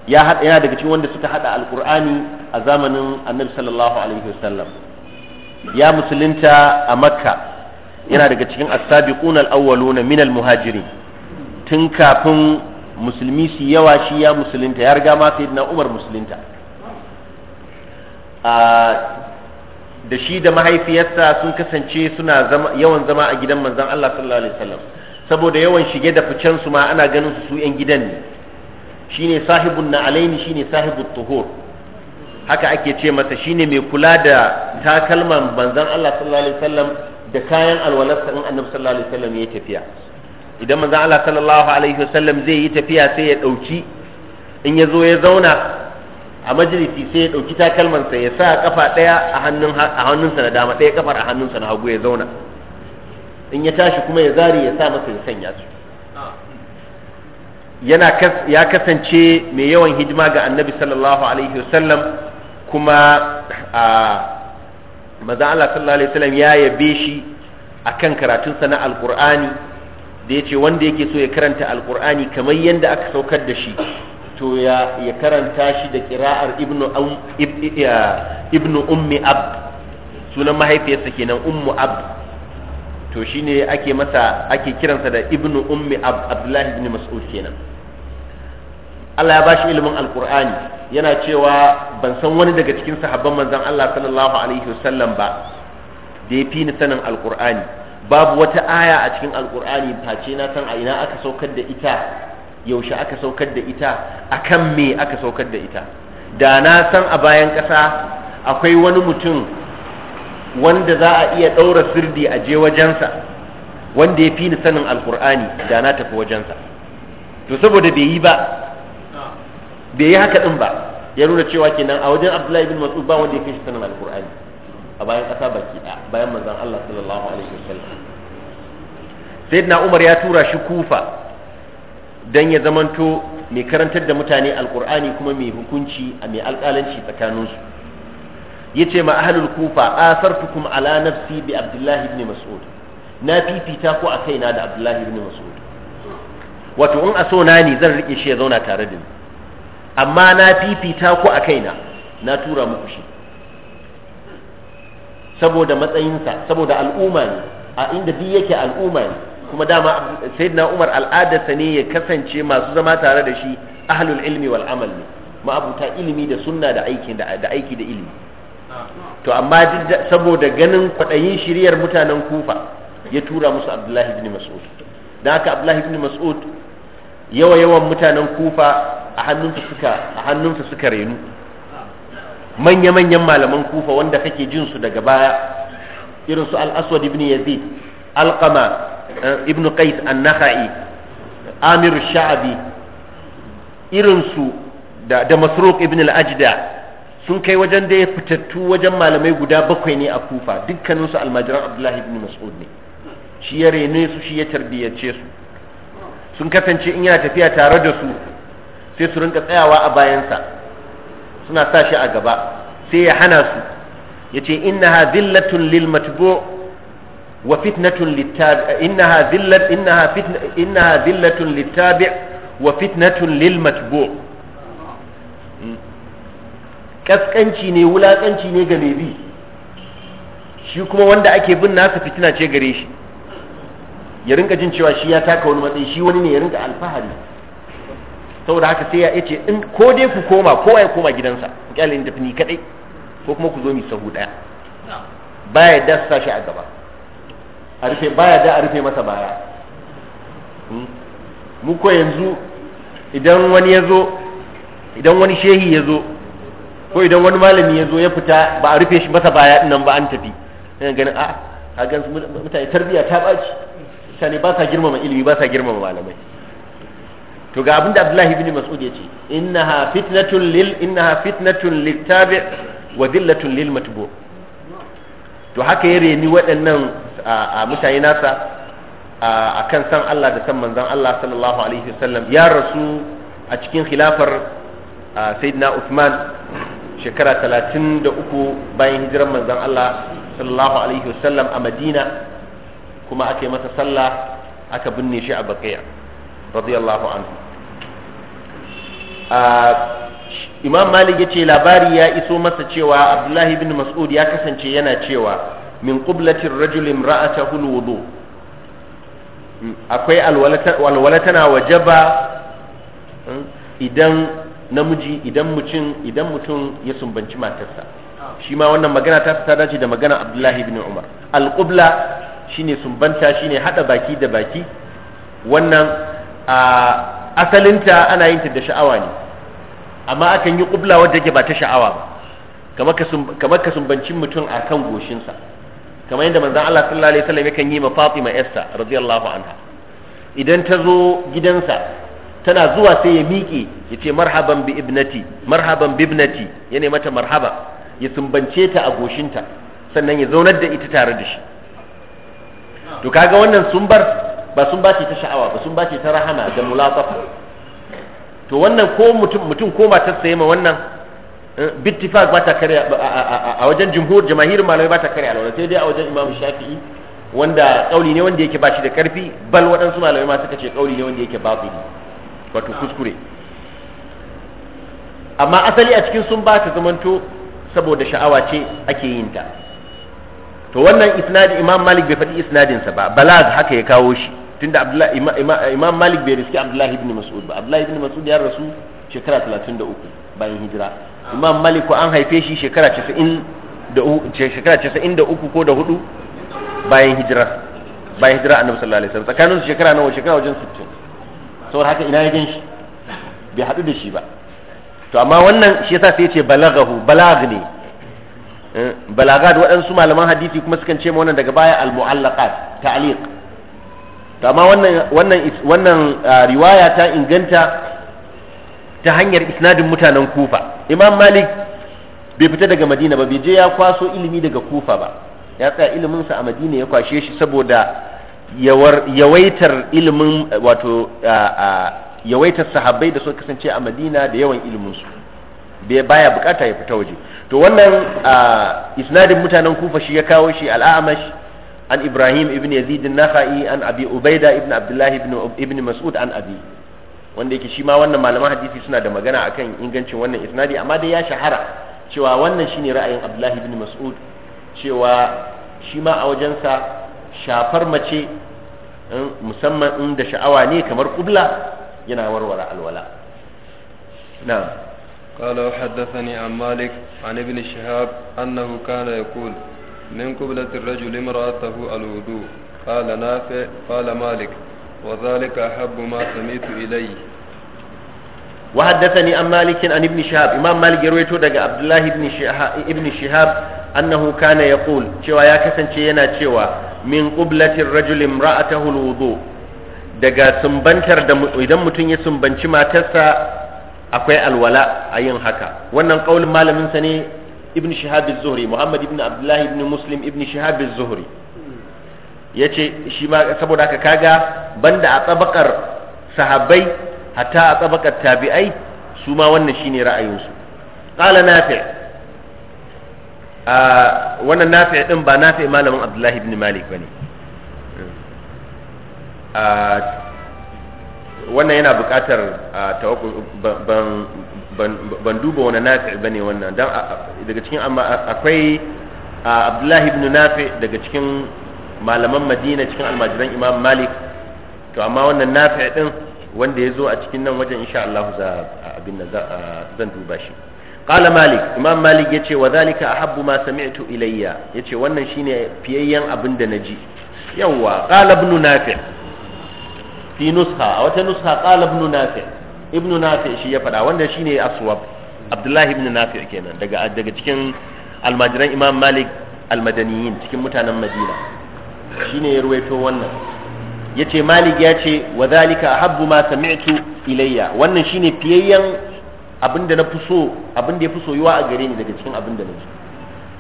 ya yana daga cikin wanda suka hada alkur'ani a zamanin annabi sallallahu alaihi wasallam ya musulunta a makka yana daga cikin asabiquna sabiquna al-awwaluna min al-muhajirin tun kafin musulmi su yawa shi ya musulunta ya riga ma sayyidina Umar musulunta da shi da mahaifiyarsa sun kasance suna yawan zama a gidan manzon Allah sallallahu alaihi wasallam saboda yawan shige da ficen su ma ana ganin su su yan gidan ne shine sahibun na alaini shine sahibut tuhur haka ake ce masa shine mai kula da takalman banzan Allah sallallahu alaihi wasallam da kayan alwalarsa in annabi sallallahu alaihi wasallam ya tafiya idan manzon Allah sallallahu alaihi wasallam zai yi tafiya sai ya dauki in ya zo ya zauna a majalisi sai ya dauki takalmansa ya sa kafa daya a hannun a hannunsa na dama daya kafar a hannunsa na hagu ya zauna in ya tashi kuma ya zari ya sa masa ya sanya su yana ya kasance mai yawan hidima ga annabi sallallahu alaihi wasallam kuma maza Allah sallallahu alaihi wasallam ya yabe shi akan karatunsa na alkur'ani da yace wanda yake so ya karanta alkur'ani kamar yadda aka saukar da shi to ya karanta shi da kira'ar ibnu ummi ab sunan mahaifiyarsa kenan ummu ab to shine ake masa ake kiransa da ibnu ummi ab abdullahi ibn mas'ud kenan Allah ya shi ilimin alkur'ani yana cewa ban san wani daga cikin sahabban manzon Allah sallallahu alaihi wasallam ba da ya fi ni sanin alkur'ani babu wata aya a cikin alkur'ani face na san a ina aka saukar da ita yaushe aka saukar da ita akan me aka saukar da ita da na san a bayan ƙasa akwai wani mutum wanda za a iya ɗaura sirdi a je wajensa wanda ya fi ni sanin alkur'ani da na tafi wajensa to saboda bai yi ba bai yi haka din ba ya nuna cewa kenan a wajen Abdullahi bin Mas'ud ba wanda ya kai shi sanin alqur'ani a bayan ƙasa baki ɗaya bayan manzon Allah sallallahu alaihi wasallam sayyidina Umar ya tura shi Kufa dan ya zamanto mai karantar da mutane alqur'ani kuma mai hukunci a mai alƙalanci tsakaninsu yace ma ahlul kufa asartukum ala nafsi bi Abdullahi ibn Mas'ud na fifita ku a kaina da Abdullahi ibn Mas'ud wato in a so na ne zan rike shi ya zauna tare da ni amma na fifita ku a kaina na tura muku shi saboda matsayinsa saboda al'umma ne a inda duk yake al'umma ne kuma dama sayyidina Umar al'adarsa ne ya kasance masu zama tare da shi ahlul ilmi wal amal ne ma'abuta ilimi da sunna da aiki da aiki da ilimi to amma saboda ganin kwaɗayin shiryar mutanen kufa ya tura musu abdullahi ibn mas'ud da haka abdullahi ibn mas'ud yawa yawan mutanen kufa a hannunsu suka a hannunsu suka renu manya-manyan malaman kufa wanda kake jin su daga baya irin su al-aswad ibn yazid alqama eh, ibn qais an-nakhai amir sha'abi irin su da, da masruq ibn al-ajda sun kai wajen da ya fitattu wajen malamai guda bakwai ne a kufa dukkanin su almajiran abdullahi ibn mas'ud ne shi ya rene su shi ya tarbiyyace su sun kasance in yana tafiya tare da su sai su rinka tsayawa a bayansa suna sa shi a gaba sai ya hana su ya ce innaha zillatun lil matbu wa fitnatun littabi innaha zillat innaha fitna innaha zillatun littabi wa fitnatun lil matbu kaskanci hmm. ne wulakanci ne ga mai bi shi kuma wanda ake bin nasa fitina ce gare shi ya rinka jin cewa shi ya taka wani matsayi shi wani ne ya rinka alfahari saboda haka sai ya ce in ko dai ku koma ko ya koma gidansa ku da ni kadai ko kuma ku zo mi sahu daya baya da su sashi a gaba a rufe baya da a rufe masa baya hmm? mu ko yanzu idan wani ya zo idan wani shehi ya zo ko idan wani malami ya zo ya fita ba a rufe shi masa baya nan ba an tafi ina ganin a ah, a gan mutane tarbiya ta baci mutane ba sa girmama ilimi ba sa girmama malamai to ga abinda Abdullahi ibn Mas'ud ya ce innaha fitnatun lil innaha fitnatun littabi wa dillatun lil matbu to haka ya reni waɗannan a mutane nasa a kan san Allah da san manzon Allah sallallahu alaihi wasallam ya rasu a cikin khilafar sayyidina Uthman shekara 33 bayan hijiran manzon Allah sallallahu alaihi wasallam a Madina kuma aka yi masa sallah aka binne shi a Baqiya radiyallahu anhu imam malik ya ce labari ya iso masa cewa abdullahi bin mas'ud ya kasance yana cewa min qublatir rajul ra'ata wudu akwai alwala tana wajaba hmm, idan namiji idan mutum idan mutum ya sumbanci matarsa shi ma wannan magana ta ta dace da magana abdullahi bin umar alqubla shine sumbanta shine hada baki da baki wannan a asalinta ana yin ta da sha'awa ne amma akan yi ƙubla wadda yake ba ta sha'awa ba kamar ka sumbancin mutum a kan goshinsa kamar yadda manzan Allah sallallahu alaihi wasallam yakan yi ma Fatima Esther radiyallahu anha idan ta zo gidansa tana zuwa sai ya miƙe ya ce marhaban bi ibnati marhaban bi ibnati ya ne mata marhaba ya sumbance ta a goshinta sannan ya zaunar da ita tare da shi to kaga wannan sumbar ba sun bace ta sha'awa ba sun bace ta rahama da mulatafa to wannan ko mutum mutum ko matar sai ma wannan eh, bittifaq ba ta kare a wajen jumhur jamahirin malamai ba ta kare alwala sai dai a wajen imam shafi'i wanda kauli ne wanda yake bashi da karfi bal waɗansu malamai ma suka ce kauli ne wanda yake batili wato kuskure amma asali a cikin sun ba ta zamanto saboda sha'awa ce ake yin ta to wannan isnadi imam malik bai faɗi isnadinsa ba balaz haka ya kawo shi tunda abdullahi imam malik bai riski abdullahi ibn mas'ud ba abdullahi ibn mas'ud ya rasu shekara 33 bayan hijira imam malik ko an haife shi shekara 90 da shekara 93 ko da hudu bayan hijira bayan hijira annabi sallallahu alaihi wasallam tsakanin shekara nawa shekara wajen 60 saboda haka ina ya gan shi bai hadu da shi ba to amma wannan shi yasa sai ya ce balagahu balag ne eh, balagat waɗansu malaman hadisi kuma sukan ce ma wannan daga baya al-mu'allaqat ta'liq to amma wannan wannan ah, riwaya ta inganta ta hanyar isnadin mutanen kufa imam malik bai fita daga madina ba bai je ya kwaso ilimi daga kufa ba ya tsaya iliminsa a madina ya kwashe shi saboda yawaitar ilimin wato ah, ah, yawaitar sahabbai da suka kasance a madina da yawan iliminsu baya bukata ya fita waje to wannan isnadin mutanen kufa shi ya kawo shi al'amash an ibrahim ibn yazid an-nakhai an abi ubaida ibn abdullah ibn mas'ud an abi wanda yake shi ma wannan malaman hadisi suna da magana akan ingancin wannan isnadi amma dai ya shahara cewa wannan shine ra'ayin abdullahi ibn mas'ud cewa shi ma a wajensa shafar mace musamman in da sha'awa ne kamar kubla yana warware alwala na قال وحدثني عن مالك عن ابن شهاب أنه كان يقول من قبلة الرجل امرأته الوضوء قال نافع قال مالك وذلك أحب ما سميت إليه وحدثني عن مالك عن ابن شهاب إمام مالك يرويته دقى عبد الله ابن شهاب, ابن شهاب أنه كان يقول شوى يا كسن شينا شوى من قبلة الرجل امرأته الوضوء دقى سنبنتر إذا متن يسنبنش ما تسا أقوى الولاء أين حكا وأن القول مال من سنه ibn shihab az-zuhri muhammad ibn abdullah ibn muslim ibn shihab az-zuhri yace shi ma saboda haka kaga banda a tsabakar sahabbai hatta a tsabakar tabi'ai su ma wannan shine ra'ayinsu qala nafi a ah, wannan nafi din ba nafi malamin abdullah ibn malik bane a ah, wannan yana buƙatar ah, tawakkul ban ban duba wani nafi bane wannan dan daga cikin amma akwai abdullahi ibn nafi daga cikin malaman madina cikin almajiran imam malik to amma wannan nafi din wanda ya zo a cikin nan wajen insha Allah za abin nan zan duba shi qala malik imam malik yace wa zalika ahabbu ma sami'tu ilayya yace wannan shine fiyayyen abin da naji yawa qala ibn nafi fi nusha a wata nusha qala ibn nafi ibnu nafi shi ya faɗa wanda ne aswab abdullahi Ibn nafi kenan daga daga cikin almajiran imam malik almadaniyin cikin mutanen madina shine ya ruwaito wannan yace malik ya ce wa zalika ahabbu ma sami'tu ilayya wannan shine fiyayyen abinda na fuso abinda ya fi yiwa a gare ni daga cikin abinda na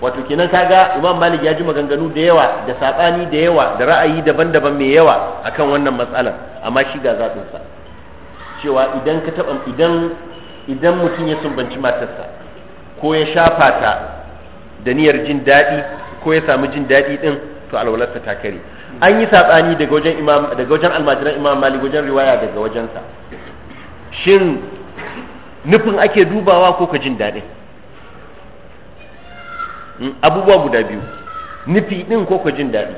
wato kenan kaga imam malik ya ji maganganu da yawa da sabani da yawa da ra'ayi daban-daban mai yawa akan wannan matsalar amma shi ga zaɓinsa cewa idan ka taɓa idan idan mutum ya sumbanci matarsa ko ya shafa ta da niyyar jin daɗi ko ya samu jin daɗi ɗin to alwalarsa ta kare an yi saɓani daga wajen imam daga wajen almajiran imam mali wajen riwaya daga wajensa shin nufin ake dubawa ko ka jin daɗin hmm, abubuwa guda biyu nufi ɗin ko ka jin daɗi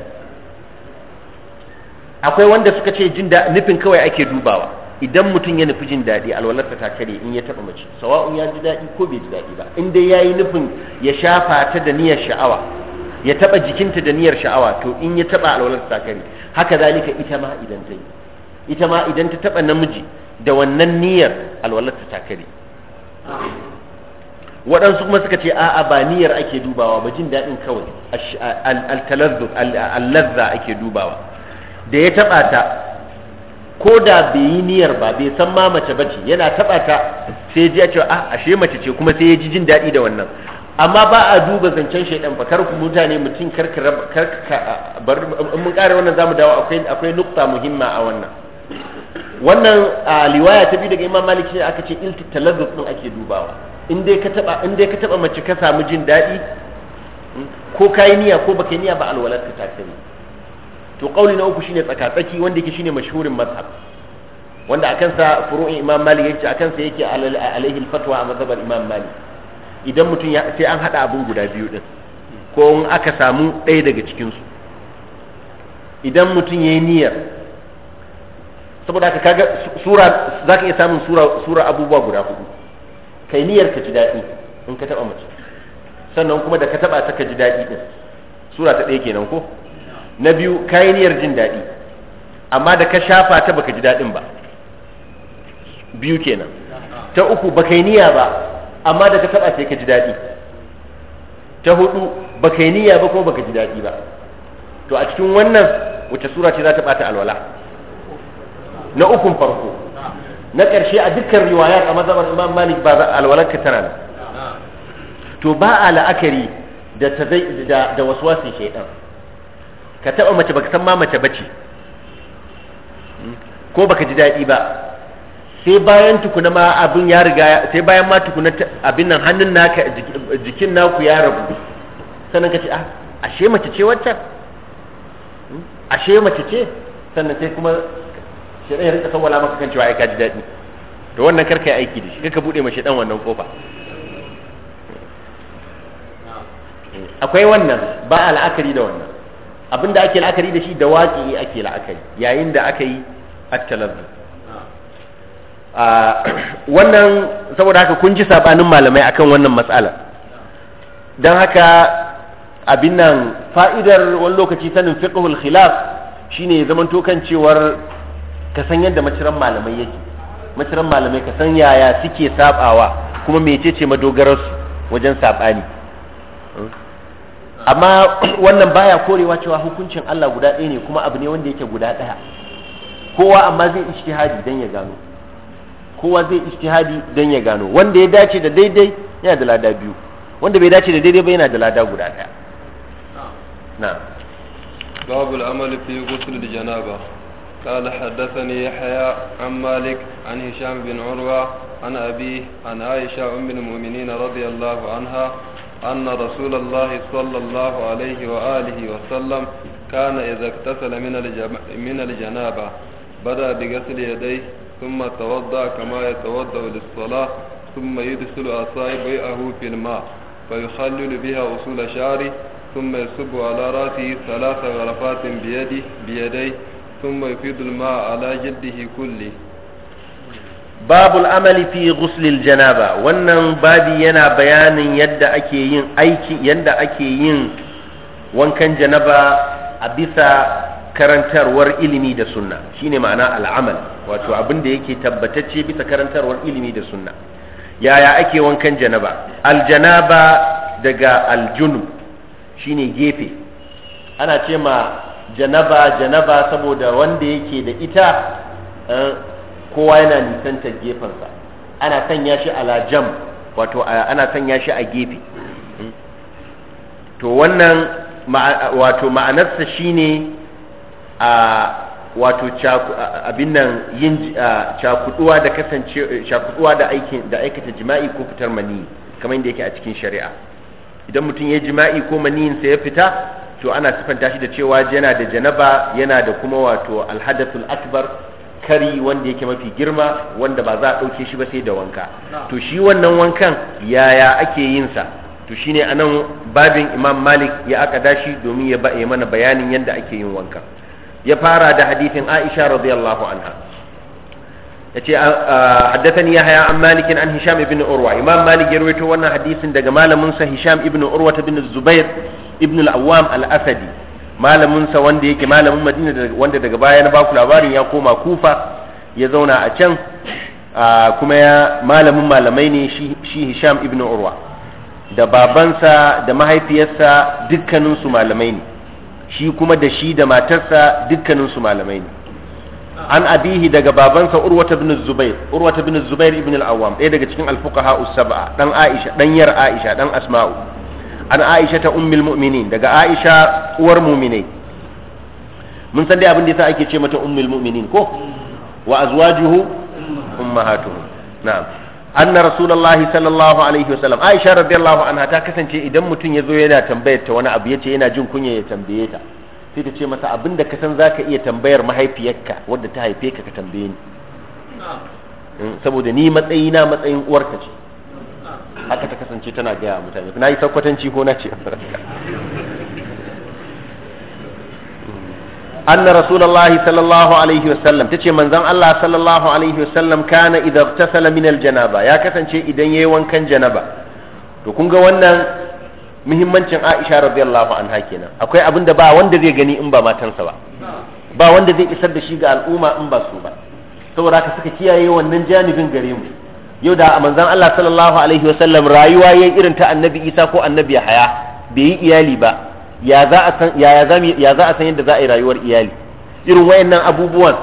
akwai wanda suka ce jin nufin kawai ake dubawa idan mutum ya nufi jin daɗi alwalarta ta kare in ya taɓa mace sawa'un ya ji daɗi ko bai ji daɗi ba in dai ya yi nufin ya shafa ta da niyyar sha'awa ya taɓa jikinta da niyyar sha'awa to in ya taɓa alwalarta ta kare haka zalika ita ma idan ta yi ita ma idan ta taɓa namiji da wannan niyyar alwalarta ta kare waɗansu kuma suka ce a'a ba niyyar ake dubawa ba jin daɗin kawai al-lazza ake dubawa da ya taɓa ta ko da bai yi niyyar ba bai san ma mace ba ce yana taɓa ta sai ji cewa a ah, ashe mace ce kuma sai ya ji jin daɗi da wannan amma ba a duba zancen shaidan fa kar ku mutane mutum kar kar bar in mun kare wannan zamu dawo akwai akwai nukta muhimma a wannan wannan liwaya ta bi daga Imam Malik ne aka ce ilti talazzuz din ake dubawa in dai ka taba in dai ka taba mace ka samu jin daɗi ko kai niyya ko baka niyya ba alwalar ka ta kai to kauli na uku shine tsakatsaki wanda yake shine mashhurin mazhab wanda akan sa furu'in imam malik yace akan sa yake alaihi alfatwa a mazhabar imam malik idan mutum ya sai an hada abun guda biyu din ko in aka samu ɗaya daga cikin su idan mutum yayi niyyar saboda haka kaga sura zaka iya samun sura sura abubuwa guda hudu kai niyyar ka ji daɗi in ka taba mace sannan kuma da ka taba ta ka ji daɗi din sura ta ɗaya kenan ko na biyu kayaniyar jin daɗi amma da ka shafa ta baka ji daɗin ba biyu kenan ta uku baka yi niyya ba amma da ka taɓa sai ka ji daɗi ta hudu baka yi niyya ba ko baka ji daɗi ba to a cikin wannan wace sura ce za ta ɓata alwala na ukun farko na ƙarshe a dukkan riwaya a mazhabar imam malik ba alwalar ka tana to ba a la'akari da da waswasin shaidan ka taba mace baka san ma mace bace ko baka ji daɗi ba sai bayan tukuna ma abin ya riga sai bayan ma tukuna abin nan hannun naka jikin naku ya rabu sannan ka ce a ah, ashe mace ce waccan hmm? ashe mace ce sannan sai kuma shari'a rika sawwala maka kan cewa ai ka ji daɗi to wannan karka yi aiki da shi kaka bude mace ɗan wannan kofa akwai wannan ba al'akari da wannan abinda ake la'akari da shi da waƙi ake la'akari yayin da aka yi at ah, wannan saboda haka kun ji sabanin malamai akan wannan matsala don haka abin nan fa'idar wani lokaci sanin fiqhul khilaf shine ya zamanto kan cewar ka san yadda maciran malamai yake maciran malamai ka san yaya suke sabawa kuma mecece madogararsu wajen sabani amma wannan baya korewa cewa hukuncin Allah guda ɗaya ne kuma abu ne wanda yake guda ɗaya kowa amma zai ijtihadi dan ya gano kowa zai ijtihadi dan ya gano wanda ya dace da daidai yana da lada biyu wanda bai dace da daidai ba yana da lada guda ɗaya na babul amali fi ghusl da janaba قال حدثني يحيى عن مالك عن هشام بن عروة عن أبيه عن عائشة أم المؤمنين رضي الله عنها أن رسول الله صلى الله عليه وآله وسلم كان إذا اغتسل من من الجنابة بدأ بغسل يديه ثم توضأ كما يتوضأ للصلاة ثم يدخل أصابعه في الماء فيخلل بها أصول شعره ثم يصب على رأسه ثلاث غرفات بيده بيديه ثم يفيض الماء على جلده كله babul amali fi guslil janaba wannan babi yana bayanin yadda ake yin aiki yadda ake yin wankan janaba a bisa karantarwar ilimi da sunna shine ma'ana al'amal wato abin da yake tabbatacce bisa karantarwar ilimi da sunna yaya ake wankan janaba aljanaba daga shi shine gefe ana ce ma janaba janaba saboda wanda yake da ita eh, kowa yana nisantar gefensa ana sanya shi a lajam wato ana sanya shi a gefe to wannan wato ma'anarsa shine a wato abin nan yin cakuduwa da kasance cakuduwa da aikin da aikata jima'i ko fitar mani kamar yadda yake a cikin shari'a idan mutum ya jima'i ko maniyinsa ya fita to ana sifanta shi da cewa yana da janaba yana da kuma wato alhadathul akbar kari wanda yake mafi girma wanda ba za a ɗauke shi ba sai da wanka to shi wannan wankan yaya ake yin sa to shine anan babin imam malik ya aka dashi domin ya ya mana bayanin yadda ake yin wankan ya fara da hadithin aisha radiyallahu anha yace haddathani yahya an malikin an hisham ibn urwa imam malik ya rawaito wannan hadisin daga malamin sa hisham ibn urwa bin zubair ibn al-awwam al-asadi malaminsa wanda yake malamin madina wanda daga baya na baku labarin ya koma kufa ya zauna a can kuma ya malamin malamai ne shi hisham ibn urwa da babansa da mahaifiyarsa dukkaninsu malamai ne shi kuma da shi da matarsa dukkaninsu malamai ne an abihi daga babansa urwata ibn zubair urwata ibn zubair ibn al-awwam ɗaya daga cikin al-fuqaha saba'a ɗan dan aisha dan yar aisha dan asma'u an aisha ta ummul mu'minin daga aisha uwar muminai mun san dai abin da yasa ake ce mata ummul mu'minin ko wa azwajuhu ummahatuhu na'am anna rasulullahi sallallahu alaihi wasallam aisha radiyallahu anha ta kasance idan mutum ya zo yana tambayar ta wani abu yace yana jin kunya ya tambaye ta sai ta ce masa abin da ka san zaka iya tambayar mahaifiyarka wadda ta haife ka ka tambaye ni mm, saboda ni matsayina matsayin uwar ka ce haka ta kasance tana gaya mutane na yi sakkwatanci ko na ce anna rasulullahi sallallahu alaihi wa wasallam tace manzon Allah sallallahu alaihi wa wasallam kana idza igtasala min aljanaba ya kasance idan yayi wankan janaba to kun ga wannan muhimmancin Aisha radiyallahu anha kenan akwai abinda ba wanda zai gani in ba matansa ba ba wanda zai isar da shi ga al'umma in ba su ba saboda haka suka kiyaye wannan janibin gare mu yau da manzon Allah sallallahu alaihi wa sallam rayuwa yayin irin ta annabi Isa ko annabi Yahaya bai yi iyali ba ya za a san ya za a san yadda za a yi rayuwar iyali irin wayannan abubuwan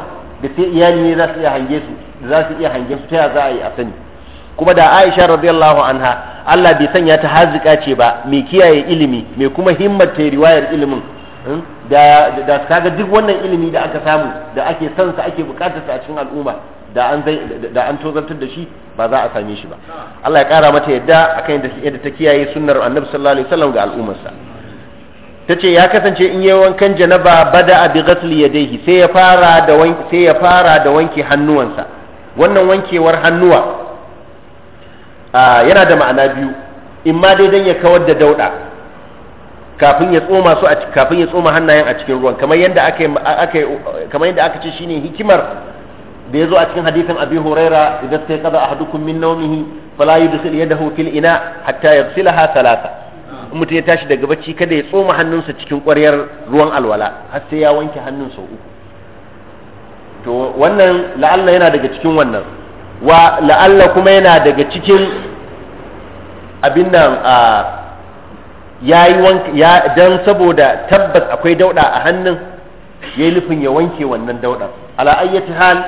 da sai iyali ne za su iya hange su za su iya hange su ta ya za a yi a sani kuma da Aisha radiyallahu anha Allah bai sanya ta hazika ce ba mai kiyaye ilimi mai kuma ta riwayar ilimin hmm? da da kaga duk wannan ilimi da aka samu da ake san sa ake bukatar sa a cikin al'umma da an zai da tozartar da shi ba za a same shi ba Allah ya kara mata yadda akan yadda ta kiyaye sunnar Annabi sallallahu alaihi wasallam ga al'ummarsa ta ce ya kasance in yi wankan janaba bada abi ghasli ya fara da wanki sai ya fara da wanke hannuwansa wannan wankewar hannuwa yana da ma'ana biyu in ma dai dan ya kawar da dauɗa kafin ya tsoma su a kafin ya tsoma hannayen a cikin ruwan kamar yadda aka aka kamar yadda aka ce shine hikimar da yazo a cikin hadisin abi huraira idan sai kaza ahadukum min nawmihi fala yudkhil yadahu fil ina hatta yaghsilaha thalatha mutum ya tashi daga bacci kada ya tsoma hannunsa cikin ƙwaryar ruwan alwala har sai ya wanke hannun sau uku to wannan la'alla yana daga cikin wannan wa la'alla kuma yana daga cikin abin nan a yi wanka ya saboda tabbas akwai dauɗa a hannun ya yi nufin ya wanke wannan dauɗan. ala hal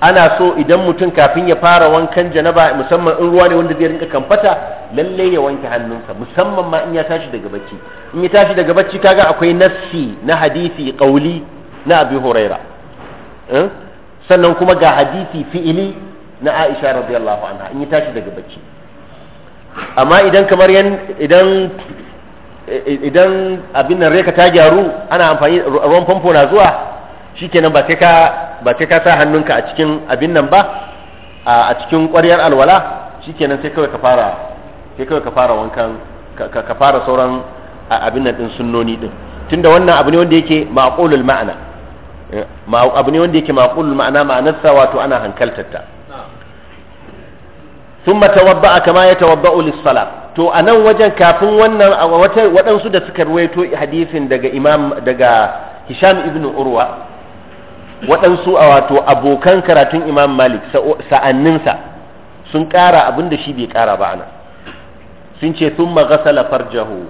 ana so idan mutum kafin ya fara wankan janaba musamman in ruwa ne wanda zai rinka kamfata lalle ya wanke hannunsa musamman ma in ya tashi daga bacci in ya tashi daga bacci kaga akwai nassi na hadisi qauli na abi huraira eh? sannan kuma ga hadisi fi'ili na aisha radiyallahu anha in ya tashi daga bacci amma idan kamar yan idan idan abin nan reka ta gyaru ana amfani ruwan famfo na zuwa shikenan ba sai ka ba sai ka sa hannunka a cikin abin nan ba a cikin ƙwaryar alwala shikenan sai kawai ka fara sai kawai ka fara wankan ka fara sauran abin nan din sunnoni din tunda wannan abu ne wanda yake ma'qulul ma'ana eh, abu ne wanda yake ma'qulul ma'ana sa wato ana hankaltarta thumma tawabba'a kama yatawabba'u lis-salah to anan wajen kafin wannan wata wadansu da suka ruwaito hadisin daga imam daga Hisham ibn Urwa waɗansu a wato abokan karatun imam malik sa'anninsa sun ƙara abin da shi bai ƙara ba ana sun ce sun magasala farjahu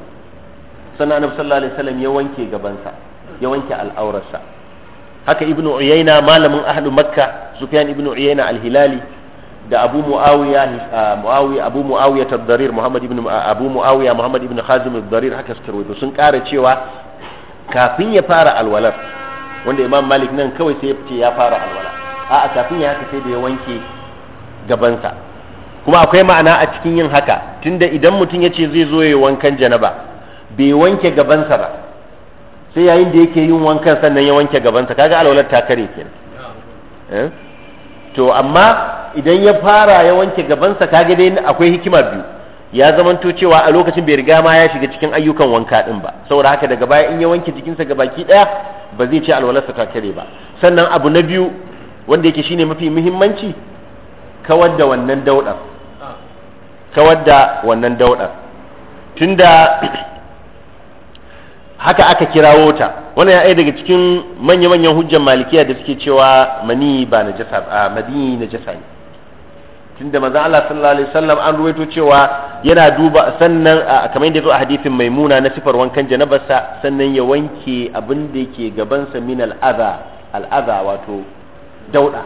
sannan annabi sallallahu alaihi wasallam ya wanke gabansa ya wanke al'aurarsa haka ibn uyayna malamin ahlu makka sufyan ibn uyayna al-hilali da abu muawiya ah, muawiya abu muawiya tad-darir muhammad ibn ah, abu muawiya muhammad ibn khazim ad-darir haka suka rawaito sun ƙara cewa kafin ya fara alwalar wanda imam malik nan kawai sai ya fice ya fara alwala a'a kafin ya haka sai da ya wanke gabansa kuma akwai ma'ana a cikin yin haka tunda idan mutum ya ce zai zo ya wankan janaba bai wanke gabansa ba sai yayin da yake yin wankan sannan ya wanke gabansa kaga alwalar ta kare kenan eh? to amma idan ya fara ya wanke gabansa kaga dai akwai hikima biyu ya zamanto cewa a lokacin bai riga ma ya shiga cikin ayyukan wanka din ba saboda haka daga baya in ya wanke jikinsa ga baki daya ba zai ce alwalarsa ta kare ba sannan abu na biyu wanda yake shine mafi muhimmanci kawar da wannan daudar kawar da wannan daudar tunda haka aka kirawo ta wannan ya daga cikin manya-manyan hujjan malikiya da suke cewa mani ba najasa ba madini najasa ne tunda manzon Allah sallallahu alaihi wasallam an ruwaito cewa yana duba sannan kamar yadda zo a hadisin maimuna na sifar wankan janabarsa sannan ya wanke abin da yake gabansa min al'aza al'aza wato dauda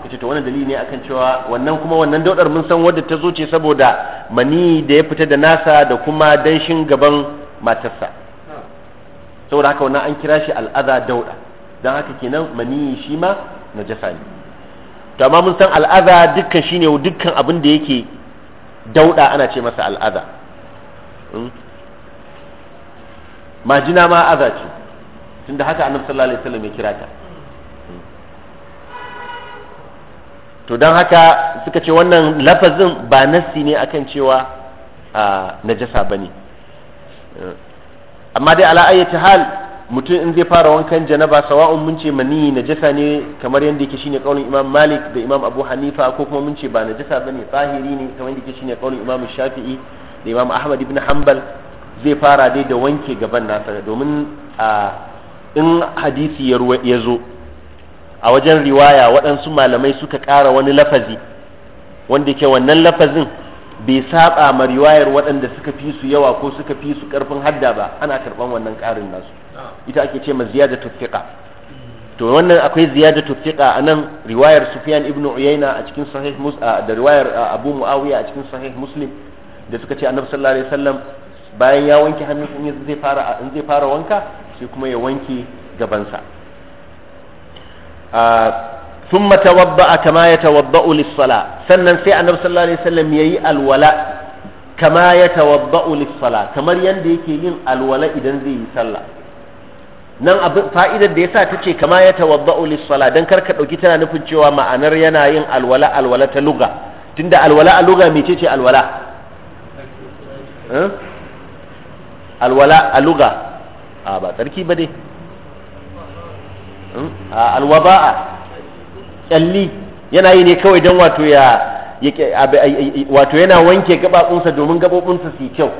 kace to wannan dalili ne akan cewa wannan kuma wannan daudar mun san wadda ta zo ce saboda mani da ya fita da nasa da kuma danshin gaban matarsa saboda haka wannan an kira shi al'aza dauda don haka kenan mani shi ma najasa ne to amma mun san al'aza dukkan shi ne dukkan abin da yake dauda ana ce masa al'aza hmm? majina ma aza ce tun da haka annabi sallallahu alaihi wasallam ya kira ta hmm? to don haka suka ce wannan lafazin ba nassi ne akan cewa a ah, najasa bane hmm? amma dai ala ayyati hal mutum in zai fara wankan janaba sawa'un mun ce na najasa ne kamar yadda yake shine kaulin imam malik da imam abu hanifa ko kuma mun ce ba najasa bane tsahiri ne kamar yadda yake shine kaulin imam shafi'i da imam ahmad ibn hanbal zai fara dai da wanke gaban nasa domin a in hadisi ya zo a wajen riwaya waɗansu malamai suka ƙara wani lafazi wanda ke wannan lafazin bai saba ma riwayar waɗanda suka fi su yawa ko suka fi su ƙarfin hadda ba ana karɓan wannan ƙarin nasu ita ake ce ma ziyadatu thiqa to wannan akwai ziyadatu thiqa anan riwayar Sufyan ibn Uyayna a cikin sahih Musa da riwayar Abu Muawiya a cikin sahih Muslim da suka ce Annabi sallallahu alaihi wasallam bayan ya wanke hannun in zai fara in zai fara wanka sai kuma ya wanke gabansa ثم توضأ كما يتوضأ للصلاة سنن سي النبي صلى الله عليه وسلم يي الولاء كما يتوضأ للصلاة كما يندي يكي ين الولاء إذا زي صلاة nan abin fa'idar da yasa tace kama ya tawadda'u lis-sala dan karka dauki tana nufin cewa ma'anar yana yin alwala alwala ta luga tunda alwala a luga me ce alwala alwala a luga a ba tsarki ba dai hmm? alwaba'a kyalli yana yi ne kawai don wato ya wato yana wanke gababunsa domin gababunsa su kyau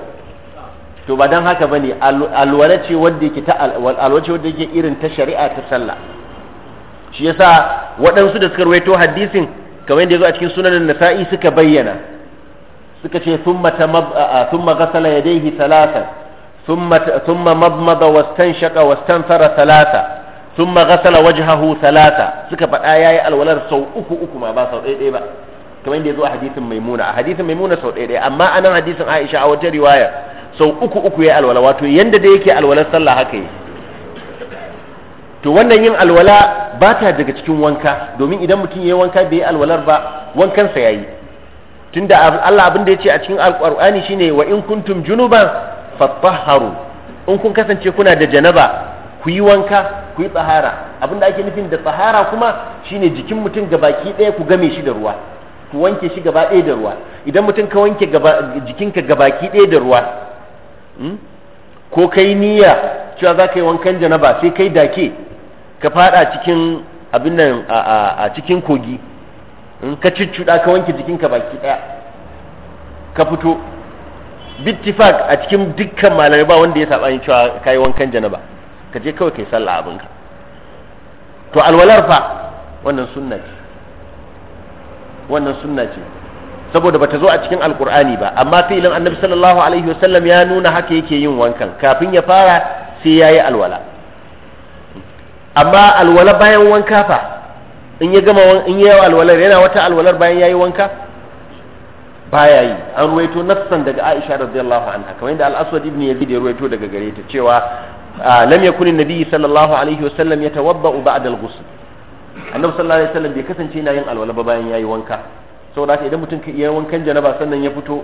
to ba dan haka bane alwala ce wanda yake ta alwala ce wanda yake irin ta shari'a ta sallah shi yasa waɗansu da suka ruwaito hadisin kamar yadda ya zo a cikin sunanin nasa'i suka bayyana suka ce thumma thumma ghasala yadayhi thalathan thumma thumma madmada wastanshaqa wastanthara thalatha thumma ghasala wajhahu thalatha suka faɗa yayi alwalar sau uku uku ma ba sau ɗaya ɗaya ba kamar yadda ya zo a hadisin maimuna a hadisin maimuna sau ɗaya ɗaya amma anan hadisin Aisha a wata riwaya sau uku uku ya alwala wato yanda da yake alwalar sallah haka yi to wannan yin alwala ba ta daga cikin wanka domin idan mutum ya yi wanka bai yi alwalar ba wankansa ya yi tunda Allah abin da ya ce a cikin alqur'ani shine wa in kuntum junuban fatahharu in kun kasance kuna da janaba ku yi wanka ku yi tsahara abin da ake nufin da tsahara kuma shine jikin mutum gabaki ɗaya ku game shi da ruwa ku wanke shi gaba ɗaya da ruwa idan mutum ka wanke jikinka gabaki ɗaya da ruwa Hmm? ko kai niyya cewa za ka yi wankan janaba sai kai dake ka fada cikin abin nan a cikin kogi in ka cicciɗa ka wanke jikinka baki ɗaya ka fito bittifak a cikin dukkan malamai ba wanda ya saba yin cewa ka yi wankan janaba ka je kawai kai sallah abinka to alwalar fa wannan sunna ce wannan sunna ce saboda bata zo a cikin alkur'ani ba amma fi'ilin annabi sallallahu alaihi wasallam ya nuna haka yake yin wankan kafin ya fara sai ya yi alwala amma alwala bayan wanka fa in ya gama in ya yi alwalar yana wata alwalar bayan ya yi wanka baya yi an ruwaito nassan daga Aisha radiyallahu anha kamar yadda al-Aswad ibn Yazid ya ruwaito daga gare ta cewa lam yakun an-nabi sallallahu alaihi wasallam yatawadda ba'da al-ghusl annabi sallallahu alaihi wasallam bai kasance yana yin alwala ba bayan yayi wanka saboda haka idan mutum ya wankan janaba sannan ya fito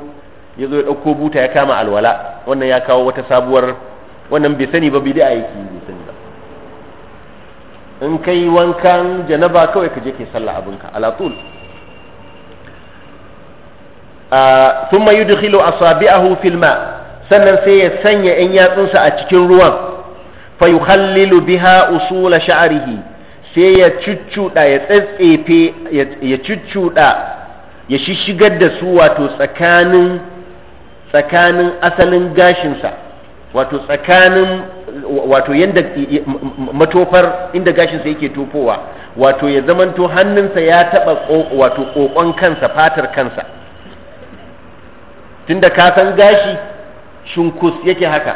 ya zo ya ɗauko buta ya kama alwala wannan ya kawo wata sabuwar wannan bai sani ba da yake bai sani ba in kai wankan janaba kawai ka je kai sallah abinka ala tul thumma yudkhilu asabi'ahu fil ma sannan sai ya sanya yan yatsunsa a cikin ruwan fa yukhallilu biha usula sha'rihi sai ya cuccuda ya tsatsefe ya cuccuda ya shishigar da su wato tsakanin tsakanin asalin gashinsa wato tsakanin wato yadda matofar inda gashinsa yake tofowa wato ya zamanto hannunsa ya taɓa wato ƙoƙon kansa fatar kansa tunda ka san gashi shunkus yake haka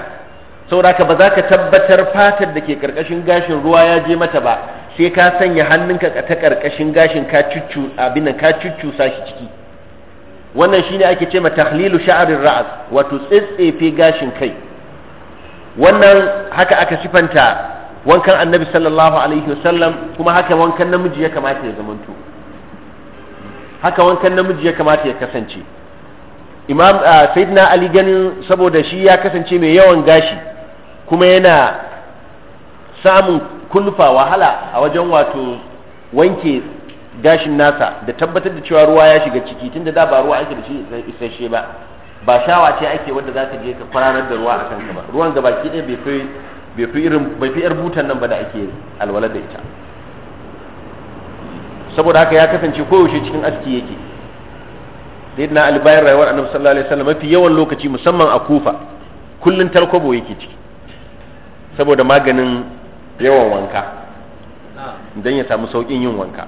ka ba za ka tabbatar fatar da ke ƙarƙashin gashin ruwa ya je mata ba sai ka sanya hannunka ta karkashin gashin ka cuccu abin nan ka cuccu shi ciki wannan shine ake ce ma tahlilu sha'arir ra'as wato tsitsefe gashin kai wannan haka aka sifanta wankan annabi sallallahu alaihi wasallam kuma haka wankan namiji ya kamata ya zamanto haka wankan namiji ya kamata ya kasance imam sayyidina ali ganin saboda shi ya kasance mai yawan gashi kuma yana samun kunfa wahala a wajen wato wanke gashin nasa da tabbatar da cewa ruwa ya shiga ciki tunda da ba ruwa ake da shi isasshe ba ba shawa ce ake wanda za ka je ka kwararar da ruwa a ka ba ruwan gaba ki ɗaya bai fi irin bai fi yar butan nan ba da ake alwala da ita saboda haka ya kasance koyaushe cikin aski yake sai na albayar rayuwar annabi sallallahu alaihi wasallam mafi yawan lokaci musamman a kufa kullun tarkobo yake ciki saboda maganin yawan wanka don ya samu sauƙin yin wanka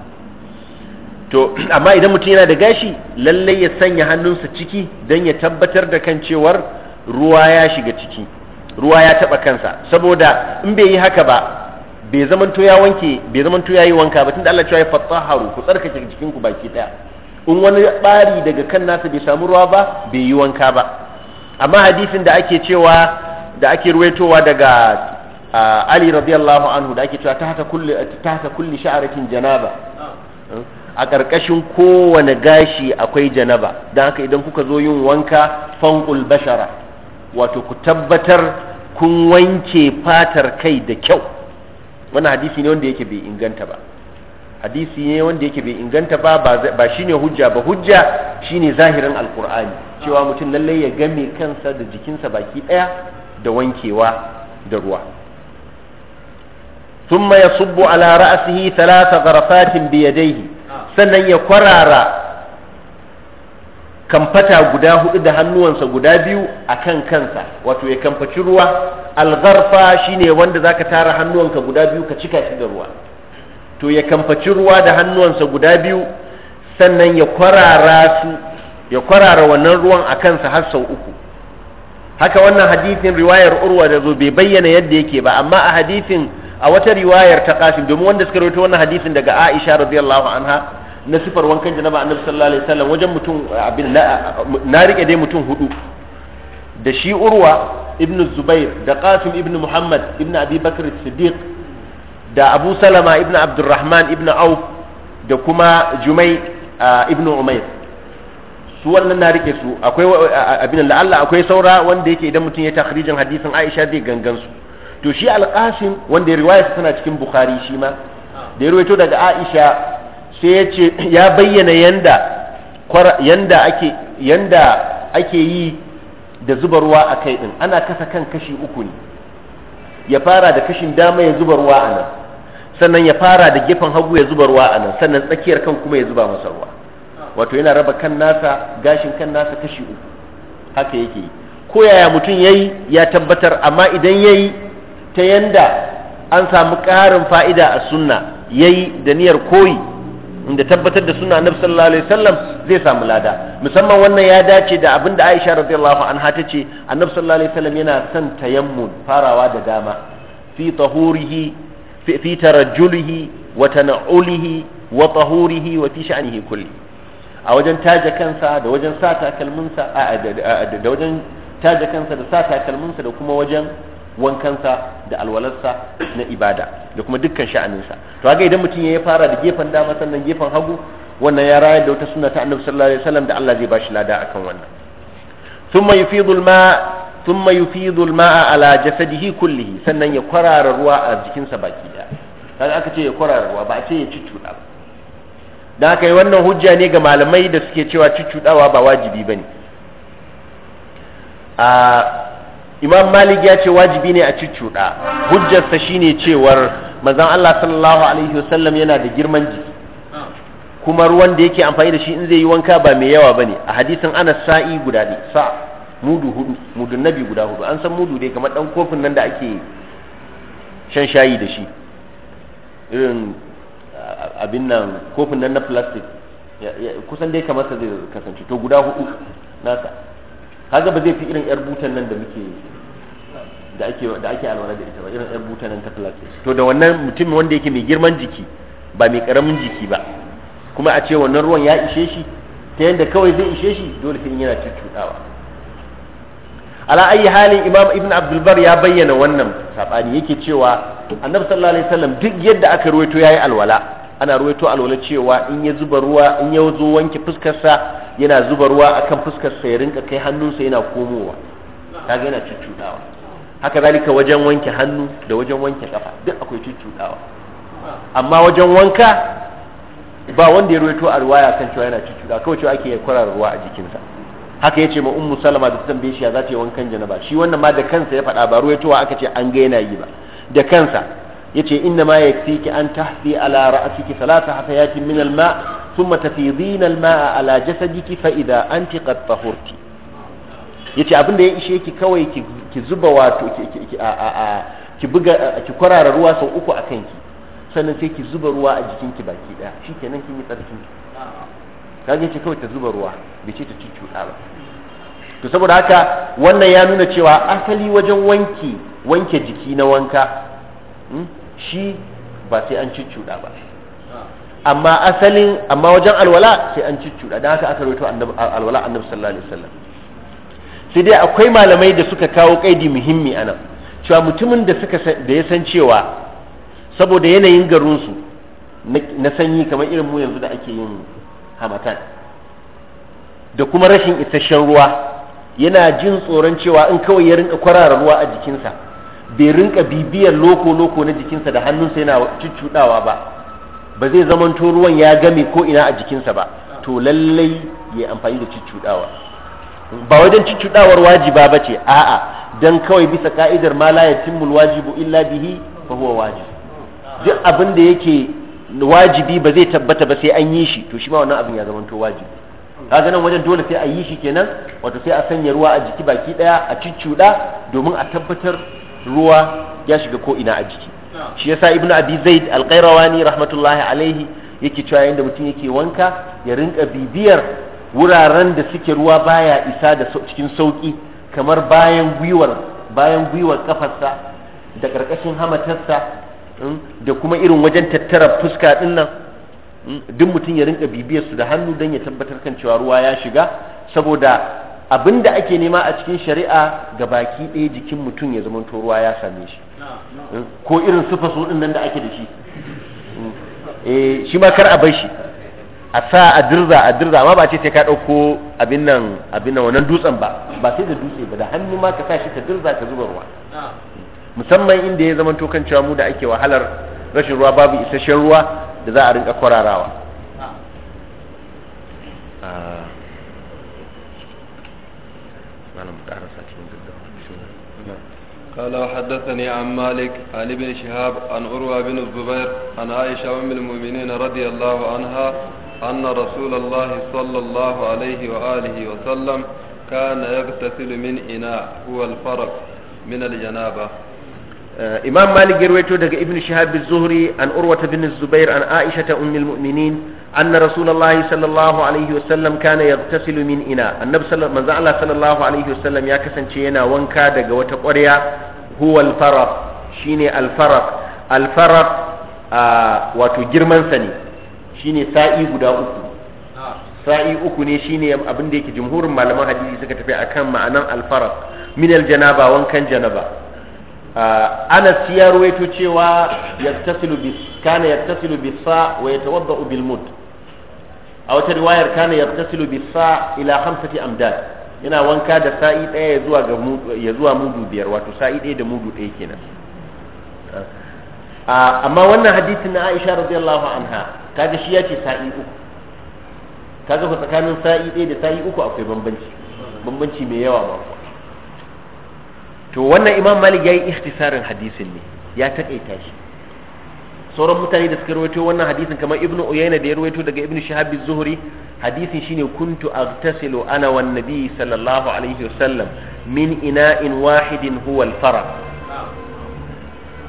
to amma idan mutum yana da gashi lallai ya sanya hannunsa ciki don ya tabbatar da kan cewar ruwa ya shiga ciki ruwa ya taɓa kansa saboda in bai yi haka ba bai zamanto ya wanke bai zamanto ya yi wanka ba tun da Allah cewa ya fattaharu ku tsarkake jikinku baki daya in wani bari daga kan nasa bai samu ruwa ba bai yi wanka ba amma hadisin da ake cewa da ake ruwaitowa daga ali radiyallahu anhu da ake cewa tahta kulli tahta kulli sha'ratin janaba a ƙarƙashin kowane gashi akwai janaba don haka idan kuka zo yin wanka fanqul bashara wato ku tabbatar kun wanke fatar kai da kyau wannan hadisi ne wanda yake bai inganta ba hadisi ne wanda yake bai inganta ba ba shine hujja ba hujja shine zahirin alkur'ani cewa mutum lallai ya game kansa da jikinsa baki daya da wankewa da ruwa thumma yasubbu ala ra'sihi thalatha gharafatin bi yadayhi sannan ya kwarara kamfata guda hudu da hannuwansa guda biyu a kansa wato ya kamfaci ruwa algarfa shine wanda zaka tara hannuwanka guda biyu ka cika shi da ruwa to ya kamfaci ruwa da hannuwansa guda biyu sannan ya kwarara su wannan ruwan a kansa har sau uku haka wannan hadisin riwayar urwa dazo bai bayyana yadda yake ba amma a hadisin a wata riwayar ta kafin domin wanda suka rawaito wannan hadisin daga aisha radiyallahu anha na sifar wankan janaba annabi sallallahu alaihi wasallam wajen mutum abin na rike dai mutum hudu da shi urwa ibn zubair da qasim ibn muhammad ibn abi bakr siddiq da abu salama ibn abdurrahman ibn auf da kuma jumai ibn umair su wannan na rike su akwai abin la'alla akwai saura wanda yake idan mutum ya takhrijin hadisin aisha zai gangan su to shi alqasim wanda riwaya tana cikin bukhari shi ma da ya rawaito daga aisha sai ya ce ya bayyana yanda yanda ake yanda ake yi da zuba a kai din ana kasa kan kashi uku ne ya fara da kashin dama ya zuba a nan sannan ya fara da gefen hagu ya zuba a nan sannan tsakiyar kan kuma ya zuba masa ruwa wato yana raba kan nasa gashin kan nasa kashi uku haka yake yi ko yaya mutum yayi ya tabbatar amma idan yayi ta yanda an samu ƙarin fa'ida a sunna yayi da niyyar koyi inda tabbatar da sunna annabi sallallahu alaihi wasallam zai samu lada musamman wannan ya dace da abin da Aisha radiyallahu anha ta ce annabi sallallahu alaihi wasallam yana son tayammun farawa da dama fi tahurihi fi, fi tarajjulihi wa tana'ulihi wa tahurihi wa fi sha'nihi kulli a wajen taje kansa da wajen sa takalminsa da wajen taje kansa da sa takalminsa da kuma wajen wankansa da alwalarsa na ibada da kuma dukkan sha'aninsa to haka idan mutum ya fara da gefen dama sannan gefen hagu wannan ya rayar da wata suna ta annabi sallallahu alaihi wasallam da Allah zai ba shi lada akan wannan thumma yufidu alma thumma yufidu alma'a ala jasadihi kullihi sannan ya kwarara ruwa a jikinsa baki daya kaga aka ce ya kwarara ruwa ba a ce ya cuccuda ba dan haka wannan hujja ne ga malamai da suke cewa cuccudawa ba wajibi bane a imam malik ya ce wajibi ne a cuccuɗa hujjarsa shine cewar mazan allah sallallahu alaihi wasallam yana da girman jiki kuma ruwan da yake amfani da shi in zai yi wanka ba mai yawa bane a hadisin anas sa'i guda ne sa mudu hudu mudu nabi guda hudu an san mudu dai kamar dan kofin nan da ake shan shayi da shi irin abin nan kofin nan na plastic kusan dai kamar sa zai kasance to guda hudu nasa kaga ba zai fi irin yar butan nan da muke da ake da ake alwala da ita ba irin yar butan nan ta plastic to da wannan mutumin wanda yake mai girman jiki ba mai karamin jiki ba kuma a ce wannan ruwan ya ishe shi ta yanda kawai zai ishe shi dole sai yana cuccudawa ala ayi halin imam ibnu abdul bar ya bayyana wannan sabani yake cewa annabi sallallahu alaihi wasallam duk yadda aka ruwaito yayi alwala ana ruwaito alwala cewa in ya zuba ruwa in ya zo wanke fuskar sa yana zuba ruwa akan fuskar sa ya rinka kai hannunsa yana komowa kaga yana cuccuɗawa haka zalika wajen wanke hannu da wajen wanke kafa duk akwai cuccuɗawa amma wajen wanka ba wanda ya ruwaito a ruwaya kan cewa yana cuccuda kawai cewa ake kwarar ruwa a jikinsa haka yace ma ummu salama da tambaye za ta yi wankan janaba shi wannan ma da kansa ya faɗa ba ruwaitowa aka ce an ga yana yi ba da kansa yace inna ma ki an tahfi ala ra'siki thalatha hafayatin min al-ma' ثم تفيضين الماء على جسدك فإذا أنت قد طهرت yace abin da ya ishe ki kawai ki zuba wato ki buga ki kwarara ruwa sau uku a kanki sannan sai ki zuba ruwa a jikinki baki daya shikenan kin yi tsarkin kage ce kawai ta zuba ruwa bai ce ta cuccuɗa ba to saboda haka wannan ya nuna cewa asali wajen wanki wanke jiki na wanka shi ba sai an cuccuɗa ba amma asalin amma wajen alwala sai an cuccuɗa don haka aka rawaito alwala annabi sallallahu alaihi wasallam sai dai akwai malamai da suka kawo kaidi muhimmi anan cewa mutumin da suka da ya san cewa saboda yanayin garinsu na sanyi kamar irin mu yanzu da ake yin hamatan da kuma rashin isasshen ruwa yana jin tsoron cewa in kawai ya rinka kwarara ruwa a jikinsa bai rinka bibiyar loko-loko na jikinsa da hannunsa yana cuccuɗawa ba ba zai zamanto ruwan ya gami ko ina a jikinsa ba to lallai ya amfani da cuccuɗawa ba wajen cuccuɗawar wajiba ba ce a'a dan kawai bisa ka'idar ma la yatimul wajibu illa bihi fa huwa wajib duk abin da yake wajibi ba zai tabbata ba sai an yi shi to shi ma wannan abin ya to wajibi kaga nan wajen dole sai a yi shi kenan wato sai a sanya ruwa a jiki baki daya a cuccuɗa domin a tabbatar ruwa ya shiga ko ina a jiki shi yasa ibnu abi zaid alqairawani rahmatullahi alaihi yake cewa yanda mutum yake wanka ya rinka bibiyar wuraren da suke ruwa baya isa da cikin sauki kamar bayan gwiwar bayan gwiwar kafarsa da karkashin hamatarsa mm, da kuma irin wajen tattara fuska din mm, duk mutum ya rinka bibiyar su da hannu don ya tabbatar kan cewa ruwa ya shiga saboda abinda ake nema a cikin shari'a ga baki ɗaya jikin mutum ya zama ruwa ya same shi ko irin sufa su din nan da ake da shi eh shi ma kar a bar shi a sa a dirza a dirza amma ba ce sai ka ɗauko abin nan abin nan wannan dutsen ba ba sai da dutse ba da hannu ma ka sa shi ka dirza ka zuba ruwa musamman inda ya zama tokan cewa mu da ake wahalar rashin ruwa babu isasshen ruwa da za a rinka kwararawa ah. قال وحدثني عن مالك عن ابن شهاب عن عروة بن الزبير عن عائشة أم المؤمنين رضي الله عنها أن رسول الله صلى الله عليه وآله وسلم كان يغتسل من إناء هو الفرق من الجنابة Eh, imam malik yarwaito daga ibn shihab az-zuhri an urwata bin zubair an aisha ta ummul mu'minin anna rasulullah sallallahu alaihi wasallam kana yaghtasilu min ina annabi manzo Allah sallallahu alaihi wasallam ya kasance yana wanka daga wata ƙwarya huwa al-faraq shine al-faraq al-faraq wato girman sa ne shine sa'i guda uku sa'i uku ne shine abin da yake jumhurin malaman hadisi suka tafi akan ma'anan al-faraq min al-janaba wankan janaba anas ya ruwaito cewa yattasilu bi kana yattasilu bi sa wa yatawaddau bil mud a wata riwayar kana yattasilu bi sa ila khamsati amdad yana wanka da sa'i daya zuwa ga ya zuwa mudu biyar wato sa'i daya da mudu daya kenan amma wannan hadisin na Aisha radiyallahu anha kaga shi yace sa'i uku kaga ko tsakanin sa'i daya da sa'i uku akwai bambanci bambanci mai yawa ba to wannan imam malik ya yi ikhtisarin hadisin ne ya takaita shi sauran mutane da suka rawaito wannan hadisin kamar ibnu uyayna da ya rawaito daga ibnu shahab az-zuhri hadisin shine kuntu aghtasilu ana wan nabi sallallahu alaihi wasallam min ina'in wahidin huwa al-farq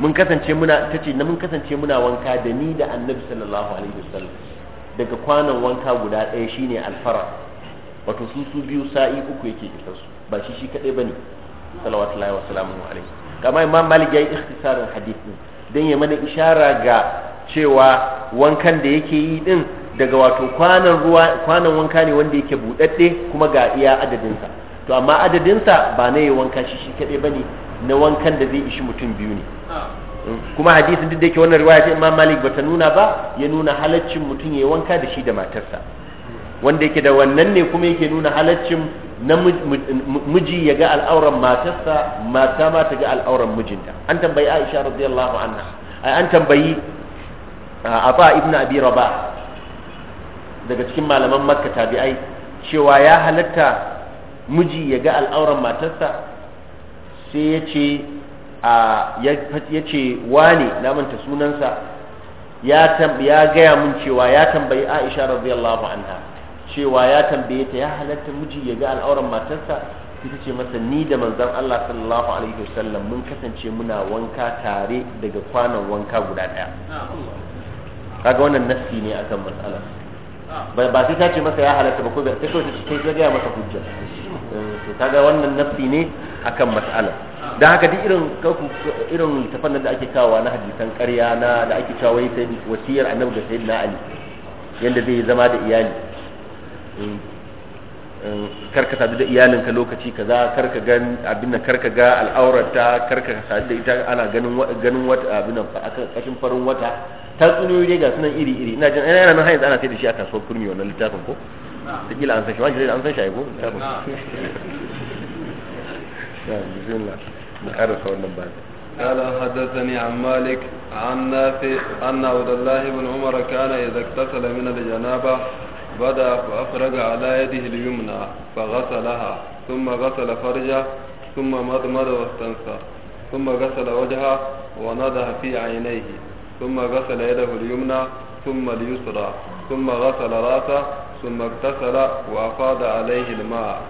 mun kasance muna tace mun kasance muna wanka da ni da annabi sallallahu alaihi wasallam daga kwanan wanka guda ɗaya shine al-farq wato su su biyu sa'i uku yake kitansu ba shi shi kadai bane sallallahu alaihi kama imam malik yayi ikhtisarin din dan ya mana ishara ga cewa wankan da yake yi din daga wato kwanan ruwa kwanan wanka ne wanda yake budadde kuma ga iya adadin sa to amma adadin sa ba ne wanka shi shi kadai bane na wankan da zai ishi mutum biyu ne ah. mm. kuma hadisin duk da yake wannan riwaya ta Imam Malik bata nuna ba ya nuna halaccin mutum yayi wanka da shi da matarsa wanda yake da wannan ne kuma yake nuna halaccin na miji ya ga al'auran matarsa mata ma ta ga al'auran mijinta an tambayi Aisha radiyallahu anha ai an tambayi Aba ibn Abi Rabah daga cikin malaman Makka tabi'ai cewa ya halatta miji ya ga al'auran matarsa sai ya ce ya ce wane namanta sunansa ya gaya mun cewa ya tambayi Aisha radiyallahu anha cewa ya tambaye ta ya halatta miji ya ga al'auran matarsa ita ce masa ni da manzon Allah sallallahu alaihi wasallam mun kasance muna wanka tare daga kwanan wanka guda daya kaga wannan nassi ne akan matsala ba sai ta ce masa ya halatta ba ko ba sai kawai ta gaya masa hujja eh, to kaga wannan nassi ne akan matsala dan haka duk irin irin littafan da ake kawo na hadisan ƙarya na da ake cewa wai sai wasiyar annabi ga sayyidina ali yanda zai zama da iyali kar ka sadu da iyalinka lokaci kaza kar ka abinda karka kar ka ga al'aurata kar ka sadu da ita ana ganin ganin wata abinda nan kashin farin wata tatsuniyoyi dai ga sunan iri iri ina jin ana nan hanyar ana sai da shi a kasuwar kurmi wannan littafin ko ta kila an san shi wani an san shi ko littafin bismillah mu karasa wannan ba قال حدثني عن مالك عن نافع أن عبد الله بن عمر كان إذا اغتسل من الجنابة بدا فأخرج على يده اليمنى فغسلها ثم غسل فرجه ثم مضمض واستنثر ثم غسل وجهه ونضح في عينيه ثم غسل يده اليمنى ثم اليسرى ثم غسل راسه ثم اغتسل وأفاض عليه الماء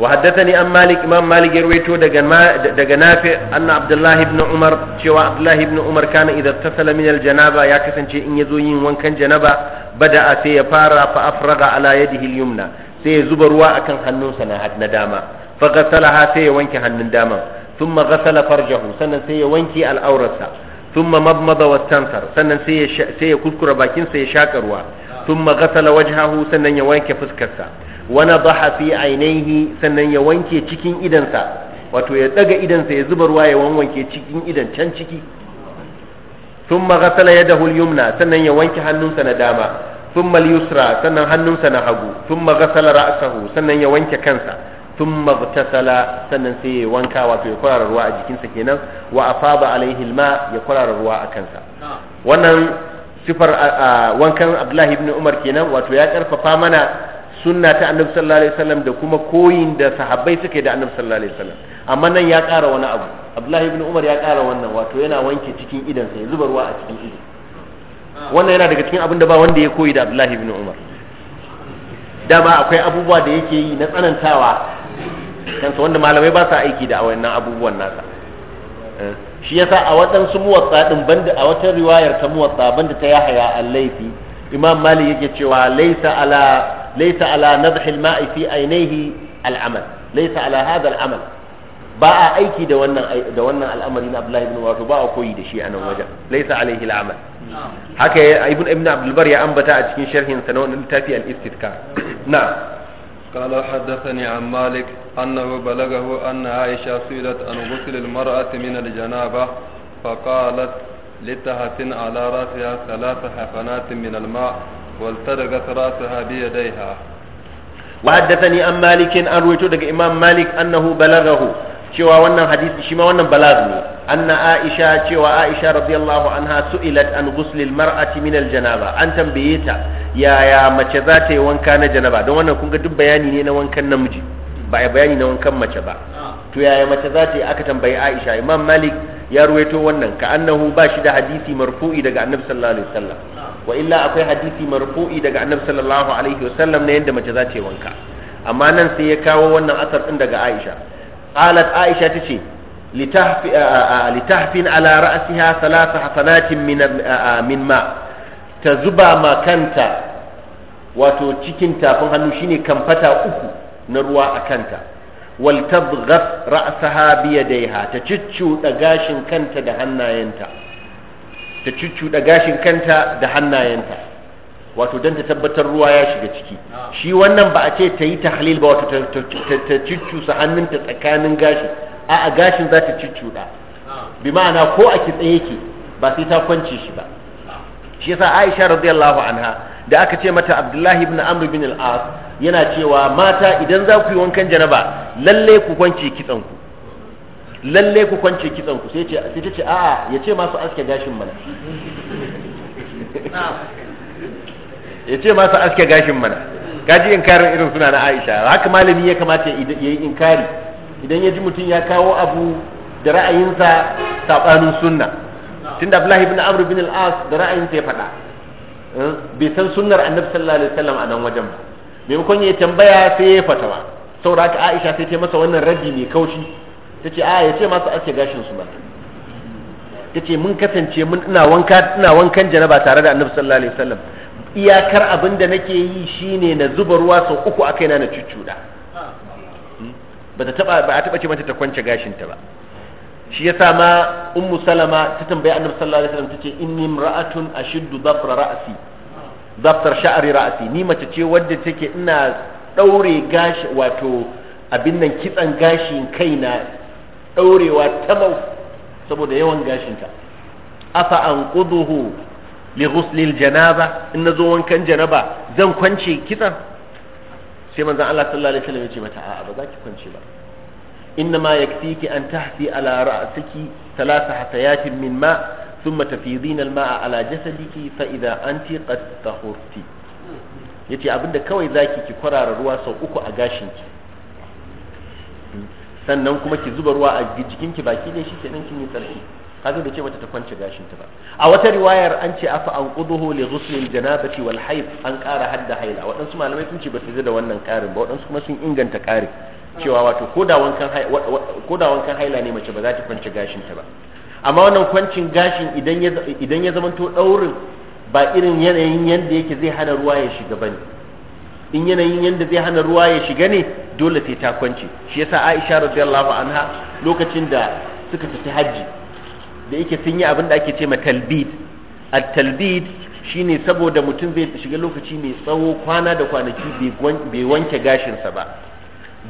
وحدثني أم مالك إمام مالك يرويته دقى نافع أن عبد الله بن عمر شوى عبد الله بن عمر كان إذا اتصل من الجنابة يا كسن شيء إن يزوين وان كان جنابة بدأ سيفارا فأفرغ على يده اليمنى سيزبر وأكن حنون سنة ندامة فغسلها سيوانك حنون داما ثم غسل فرجه سنة سيوانك الأورثة ثم مضمض واستنثر سنة سيكذكر باكين سيشاكر ثم غسل وجهه سنة يوانك فسكسا wani baha fi ainihi sannan ya wanke cikin idansa wato ya daga idansa ya zuba ruwa ya wanwanke cikin idan can ciki sun magasala ya dahul yumna sannan ya wanke hannunsa na dama sun yusra sannan hannunsa na hagu sun magasala ra'asahu sannan ya wanke kansa sun magtasala sannan sai ya wanka wato ya kwarara ruwa a jikinsa kenan wa afaba alaihi ma ya kwarara ruwa a kansa wannan sifar wankan abdullahi ibn umar kenan wato ya karfafa mana sunna ta annabi sallallahu alaihi wasallam da kuma koyin da sahabbai suke da annabi sallallahu alaihi wasallam amma nan ya ƙara wani abu abdullahi ibn umar ya ƙara wannan wato yana wanke cikin idan sa ya zuba ruwa a cikin idan wannan yana daga cikin abin da ba wanda ya koyi da abdullahi ibn umar dama akwai abubuwa da yake yi na tsanantawa kansa wanda malamai ba sa aiki da wannan abubuwan nasa eh, shi yasa a waɗansu muwatsa din banda a wata riwayar ta muwatsa banda ta yahaya al-laifi imam malik yake cewa laisa ala ليس على نضح الماء في عينيه العمل ليس على هذا العمل باء ايكي دوانا الامر ابن عبد الله بن وارث باء كويد شيء انا آه. وجه ليس عليه العمل هكا آه. ابن ابن عبد البر يا ام بتاعت في شرح سنون التافي الاستذكار نعم قال حدثني عن مالك انه بلغه ان عائشه سئلت ان غسل المراه من الجنابه فقالت لتهتن على راسها ثلاث حفنات من الماء والتدغت راسها بيديها وحدثني عن مالك عن رويته دغ امام مالك انه بلغه cewa wannan hadisi shi ma wannan balag ne anna aisha cewa aisha radiyallahu anha su'ilat an ghuslil mar'ati min al an tambaye ta yaya mace za ta yi wanka na janaba don wannan kun duk bayani ne na wankan namiji ba bayani na wankan mace ba to yaya mace za yi aka tambayi aisha imam malik ya ruwaito wannan ka annahu ba shi da hadisi marfu'i daga annabi sallallahu alaihi wa illa akwai hadisi marfu'i daga annabi sallallahu alaihi wasallam na yadda mace za ta wanka amma nan sai ya kawo wannan asar din daga Aisha qalat Aisha tace litahfin ala ra'siha thalatha hasanatin min min ma ta zuba ma kanta wato cikin tafin hannu shine kamfata uku na ruwa a kanta wal tabghas ra'saha bi yadayha ta cicciu da gashin kanta da hannayenta ta cuccuɗa gashin kanta da hannayenta wato don ta tabbatar ruwa ya shiga ciki shi wannan ba a ce ta yi tahlil ba wato ta cuccusa hannunta tsakanin gashi a a gashin za ta cuccuɗa bi ma'ana ko a kitse yake ba sai ta kwance shi ba shi yasa Aisha radiyallahu anha da aka ce mata Abdullahi ibn Amr bin al-As yana cewa mata idan za ku yi wankan janaba lalle ku kwance kitson ku lalle ku kwance kitsan ku sai ta ce a'a ya ce masu aske gashin mana ya ce masu aske gashin mana kaji inkarin irin suna na aisha haka malami ya kamata ya yi inkari idan ya ji mutum ya kawo abu da ra'ayinsa sabanin sunna tunda abdullahi ibn amr bin al-as da ra'ayinsa ya faɗa eh, bai san sunnar annabi sallallahu alaihi wasallam a nan wajen ba maimakon ya tambaya sai ya fatawa saboda haka aisha sai ta masa wannan raddi mai kaushi ta ce a ya ce masu aske gashin su ba ta ce mun kasance mun ina wanka ina wankan janaba tare da annabi sallallahu alaihi wasallam iyakar abin da nake yi shine na zuba ruwa sau uku a kaina na cuccuda hmm? ba ta taba ba a taba ce mata ta kwance gashin ta ba shi yasa ma ummu salama ta tambayi annabi sallallahu alaihi wasallam tace inni imra'atun ashiddu dhafra ra'si dhafar sha'ri ra'si ni mace ce wadda take ina daure gashi wato abin nan kitsan gashin kaina daurewa tabau saboda yawan gashinta afa anquduhu li ghuslil janaba in nazo wankan janaba zan kwance kisan sai manzon Allah sallallahu alaihi wasallam ya ce mata a'a ba za ki kwance ba inna ma yakfiki an tahti ala ra'siki thalatha hasayatin min ma thumma tafidina al-ma'a ala jasadiki fa idha anti qad tahurti yace abinda kawai zaki ki kwarara ruwa sau uku a gashinki sannan kuma ki zuba ruwa a jikinki baki ne shi kenan kin yi tsarki kaza da ce mata ta kwance gashin ta ba a wata riwayar an ce afa an quduhu li ghusl al janabati wal hayd an qara hadda haila waɗansu malamai sun ce ba su da wannan ƙarin ba waɗansu kuma sun inganta ƙarin cewa wato koda wankan koda wankan haila ne mace ba za ta kwance gashin ta ba amma wannan kwancin gashin idan ya idan ya zamanto daurin ba irin yanayin yanda yake zai hana ruwa ya shiga bane in yanayin yanda zai hana ruwa ya shiga ne dole sai ta kwance shi yasa Aisha radiyallahu anha lokacin da suka tafi haji da yake sun yi abin da ake ce ma talbid at-talbid shine saboda mutum zai shiga lokaci mai tsawo kwana da kwanaki bai wanke gashinsa ba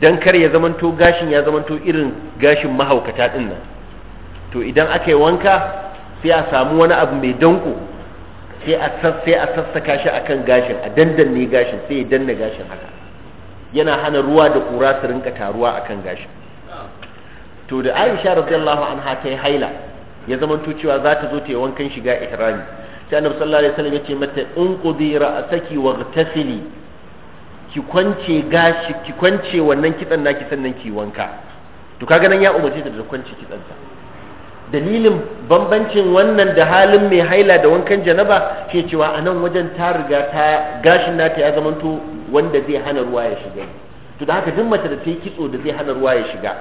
dan kar ya zamanto gashin ya zamanto irin gashin mahaukata din nan to idan aka yi wanka sai a samu wani abu mai danko sai a sassaka shi akan gashin a dandanne gashin sai ya danna gashin haka yana hana ruwa da ƙura su rinka taruwa a kan gashi to da Aisha radiyallahu anha ta yi haila ya zamanto cewa za ta zo ta yi wankan shiga ihrami sai Annabi sallallahu alaihi wasallam ya ce mata unqudi ra'saki waghtasili ki kwance gashi ki kwance wannan kitsan naki sannan ki wanka to kaga nan ya umarce ta da kwance kitsan ta dalilin bambancin wannan da halin mai haila da wankan janaba ke cewa a nan wajen ta riga ta gashin nata ya zamanto wanda zai hana ruwa ya shiga to da haka duk mace da ta yi kitso da zai hana ruwa ya shiga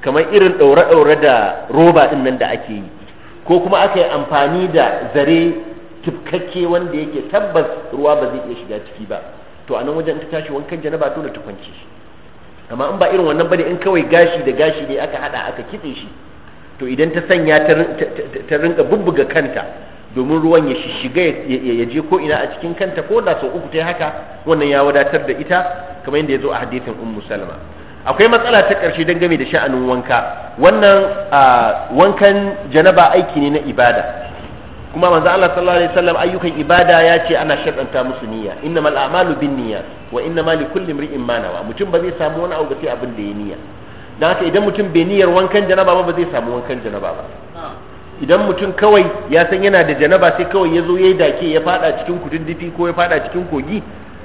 kamar irin ɗaure-ɗaure da roba ɗin nan da ake yi ko kuma aka yi amfani da zare tufkakke wanda yake tabbas ruwa ba zai iya shiga ciki ba to a nan wajen ta tashi wankan janaba dole ta kwance shi amma in ba irin wannan bane in kawai gashi da gashi ne aka hada aka kitse shi to idan ta sanya ta rinka bubbuga kanta domin ruwan ya shiga ya je ko ina a cikin kanta ko da sau uku ta haka wannan ya wadatar da ita kamar yadda ya zo a hadisin ummu salama akwai matsala ta ƙarshe game da sha'anin wanka wannan wankan janaba aiki ne na ibada kuma manzo Allah sallallahu alaihi wasallam ayyukan ibada ya ce ana shaddanta musu niyya innamal a'malu binniyat wa innamal likulli imrin ma nawa mutum ba zai samu wani abu sai abin da ya niyya don haka idan mutum bai niyyar wankan janaba ba ba zai samu wankan janaba ba idan mutum kawai ya san yana da janaba sai kawai ya zo ya yi dake ya fada cikin dufi ko ya fada cikin kogi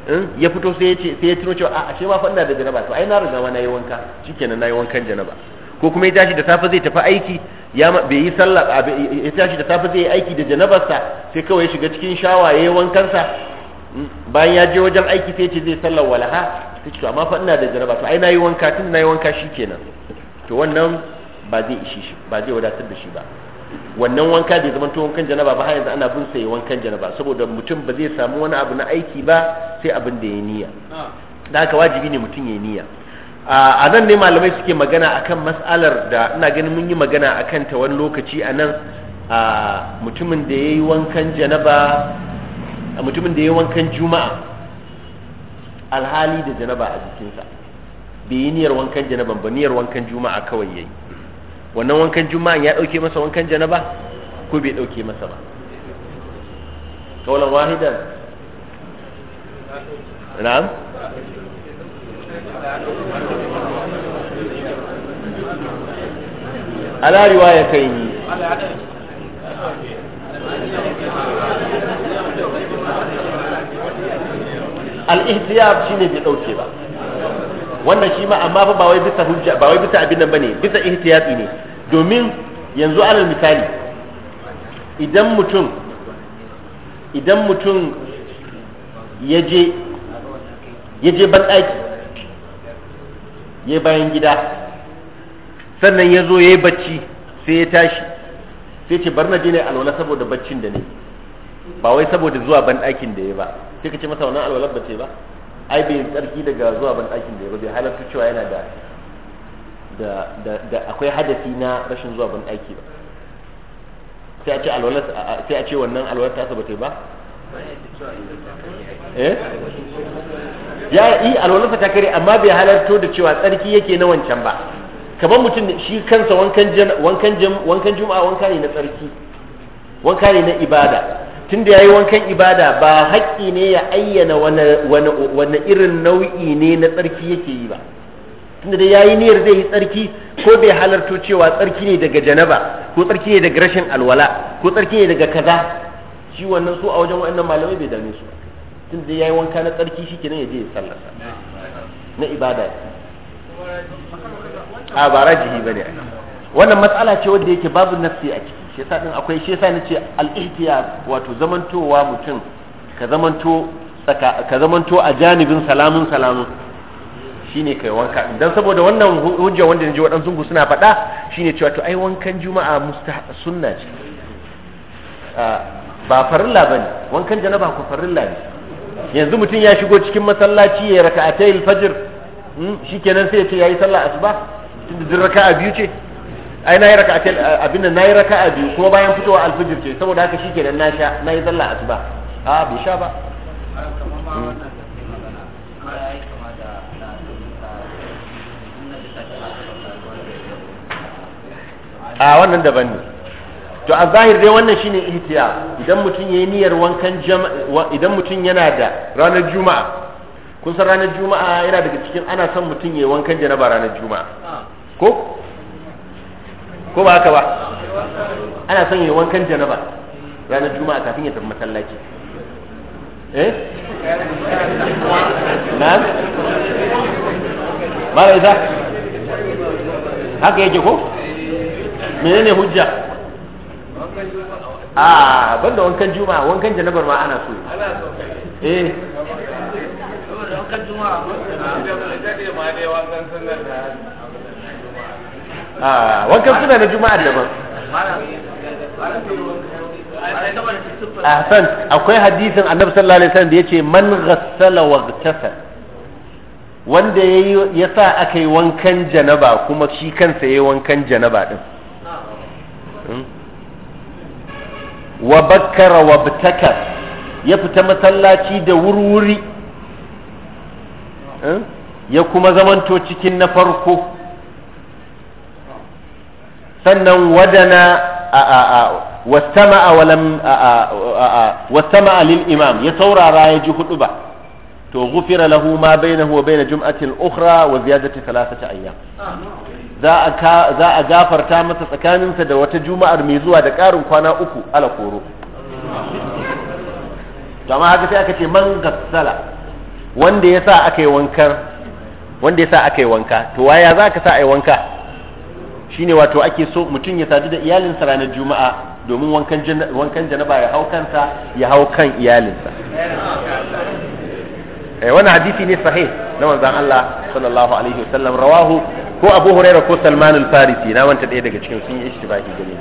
eh, ya fito sai ya ce sai ya tuno cewa a ashe ma fa da janaba to ai na riga ma nayi wanka shikenan nayi wankan janaba ko kuma ya tashi da safe zai tafi aiki ya bai yi sallah ya tashi da safe zai yi aiki da janabarsa sai kawai ya shiga cikin shawa yi wankansa bayan ya je wajen aiki sai ce zai sallar walaha ta ce amma fa ina da jaraba to ai yi wanka tun na yi wanka shi kenan to wannan ba zai ishi shi ba zai wadatar da shi ba wannan wanka zai zama wankan janaba ba har yanzu ana bin sai wankan janaba saboda mutum ba zai samu wani abu na aiki ba sai abin da ya niyya da haka wajibi ne mutum ya niyya a nan ne malamai suke magana akan mas'alar da ina ganin mun yi magana akan ta wani lokaci a nan mutumin da ya yi wankan janaba A mutumin da ya wankan juma'a alhali da janaba a jikinsa bai yi niyyar wankan janaban ba niyyar wankan juma'a kawai yayi wannan wankan juma'a ya dauke masa wankan janaba ko bai dauke masa ba kawalan wahidan na'am ala riwaya kai ni al-ihtiyar shine bai dauke ba wannan shi ma amma fa ba wai bisa hujja ba wai bisa abin nan bane bisa ihtiyati ne domin yanzu alal misali idan mutum idan mutum ya je banɗaki ya bayan gida sannan ya zo ya yi bacci sai ya tashi sai ce bar na je ne alwala saboda baccin da ne ba wai saboda zuwa ban ɗakin da ya ba sai ka ce masa wannan alwalar ba ce ba ai bai tsarki daga zuwa ban ɗakin da ya ba bai halatta cewa yana da da akwai hadafi na rashin zuwa ban ɗaki ba sai a ce alwalar sai a ce wannan alwalar ta ba ta ba eh ya yi alwalar ta kare amma bai halatta da cewa tsarki yake na wancan ba kaban mutum shi kansa wankan juma'a wanka ne na tsarki wanka ne na ibada Tun da ya yi wankan ibada ba haƙƙi ne ya ayyana wani irin nau'i ne na tsarki yake yi ba tunda ya yi niyyar zai yi tsarki ko bai halarto cewa tsarki ne daga janaba ko tsarki ne daga rashin alwala ko tsarki ne daga kaza shi wannan su a wajen waɗannan malamai bai dame su Tun da ya yi wanka na tsarki shi kenan ya je ya sallarsa na ibada a ba rajihi bane wannan matsala ce wadda yake babu nafsi a ciki shi yasa din akwai shi yasa nace al-ihtiyar wato zamantowa mutum ka zamanto tsaka ka zamanto a janibin salamun salamun shine kai wanka dan saboda wannan hujja wanda naji waɗansu ku suna faɗa shine cewa to ai wankan juma'a mustahab sunna ce ba farilla bane wankan janaba ko farilla ne yanzu mutum ya shigo cikin masallaci ya raka'atayil fajr hmm, shikenan sai ya ce yayi sallah asuba tunda raka'a biyu ce ai nayi raka'a abin nan nayi raka'a biyu kuma bayan fitowa alfijir ce saboda haka shi shikenan na sha nayi sallah asuba a bai sha ba a wannan daban ne to a zahir dai wannan shine ihtiya idan mutum yayi niyyar wankan idan mutum yana da ranar juma'a kun san ranar juma'a yana daga cikin ana son mutum yayi wankan janaba ranar juma'a ko ko ba haka ba ana son yi wankan janaba ranar juma'a kafin ya tafi masallaci eh na mara isa haka yake ko menene hujja a banda wankan juma'a wankan janabar ma ana so eh wankan juma'a Ah, wankan suna na juma'a daban ahsan akwai hadisin annabi sallallahu alaihi wasallam da yace man ghassala wa ghtasala wanda yayi yasa aka yi wankan janaba kuma shi kansa yayi wankan janaba din hmm? wa bakkara wa btakar ya fita masallaci da wurwuri hmm? ya kuma zamanto cikin na farko sannan wadana wastama'a walam lil imam ya saurara ya ji hudu ba to ghufira lahu ma bainahu wa bain jum'atin ukhra wa ziyadati thalathati ayyam za a za a gafarta masa tsakaninsa da wata juma'ar mai zuwa da karin kwana uku ala koro amma haka sai aka ce man gassala wanda yasa aka yi wanka wanda yasa aka yi wanka to waya za ka sa ai wanka shine wato ake so mutum ya sadu da iyalinsa ranar juma'a domin wankan janaba ya hau kansa ya hau kan iyalinsa eh, wani hadisi ne sahih na manzon Allah sallallahu alaihi wasallam rawahu ko Abu Huraira ko Salman al-Farisi na wanta ɗaya daga cikin sun yi ishtibahi gare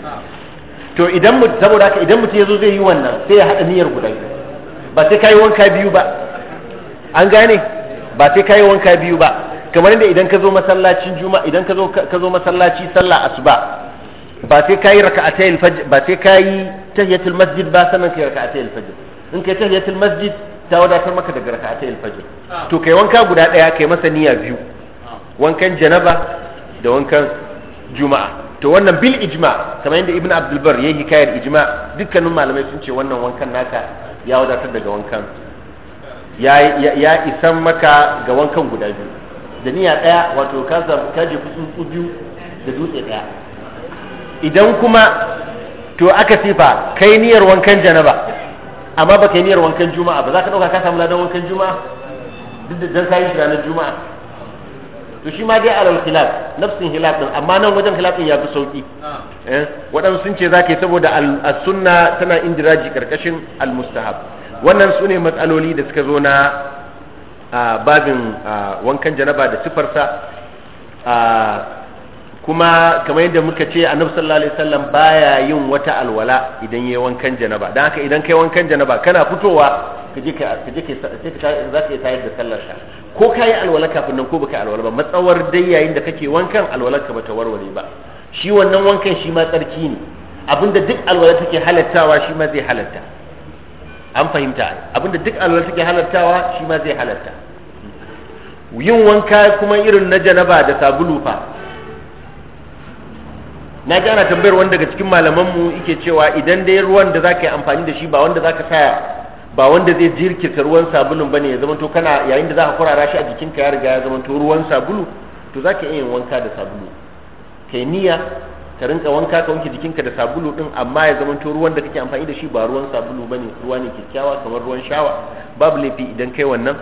to idan mutum saboda haka idan mutum yazo zai yi wannan sai ya hada niyyar guda ba sai kai wanka biyu ba an gane ba sai kai wanka biyu ba kamar inda idan ka zo masallacin juma idan ka zo ka zo masallaci sallah asuba ba sai kayi raka'atayil fajr ba sai kayi tahiyatul masjid ba sannan kai raka'atayil fajr in kai tahiyatul masjid ta wadatar maka daga raka'atayil fajr to kai wanka guda daya kai masa niyya biyu wankan janaba da wankan juma'a to wannan bil ijma kamar yadda ibnu abdul bar yayi hikayar ijma dukkanin malamai sun ce wannan wankan naka ya wadatar daga wankan ya ya isan maka ga wankan guda biyu da niyya daya wato ka ka jefi tsuntsu biyu da dutse daya idan kuma to aka sifa kai niyyar wankan janaba amma baka yi niyyar wankan juma'a ba za ka dauka ka samu ladan wankan juma'a duk da dan kayi ranar juma'a to shi ma dai alal khilaf nafsin khilaf din amma nan wajen khilaf din yafi sauki ah. eh waɗansu sun ce zaka yi saboda as-sunna tana indiraji karkashin al-mustahab wannan sune matsaloli da suka zo na babin wankan janaba da sifarsa kuma kamar yadda muka ce a sallallahu alaihi wasallam baya yin wata alwala idan yi wankan janaba don haka idan kai wankan janaba kana fitowa za ka yi tayar da ko ka yi alwala kafin nan ko baka alwala ba matsawar dai yayin da kake wankan alwalar ka bata warware ba shi wannan wankan shi ma tsarki ne abinda duk alwala take halattawa shi ma zai halatta an fahimta abin da duk alwala suke halartawa shi ma zai halarta yin wanka kuma irin na janaba da sabulu fa na ji ana tambayar wanda daga cikin malamanmu yake cewa idan dai ruwan da zaka yi amfani da shi ba wanda zaka saya, ba wanda zai jirkita ruwan sabulun bane ya zamanto kana yayin da zaka kurara shi a jikinka ya riga ya zamanto ruwan sabulu to zaka iya yin wanka da sabulu kai niyya ka rinka wanka ka wanke jikinka da sabulu din amma ya zama to ruwan da kake amfani da shi ba ruwan sabulu bane ruwa ne kyakkyawa kamar ruwan shawa babu laifi idan kai wannan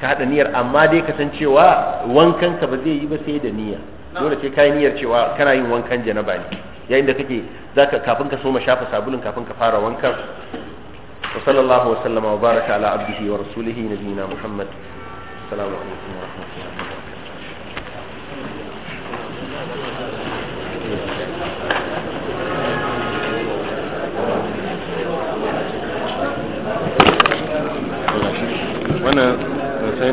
ka hada niyyar amma dai kasancewa wankan ka ba zai yi ba sai da niyya dole sai kai niyyar cewa kana yin wankan janaba ne yayin da kake zaka kafin ka soma shafa sabulun kafin ka fara wankan wa sallallahu wa sallama wa baraka ala abdihi wa rasulihi nabiyina muhammad assalamu alaikum wa rahmatullahi Buenas.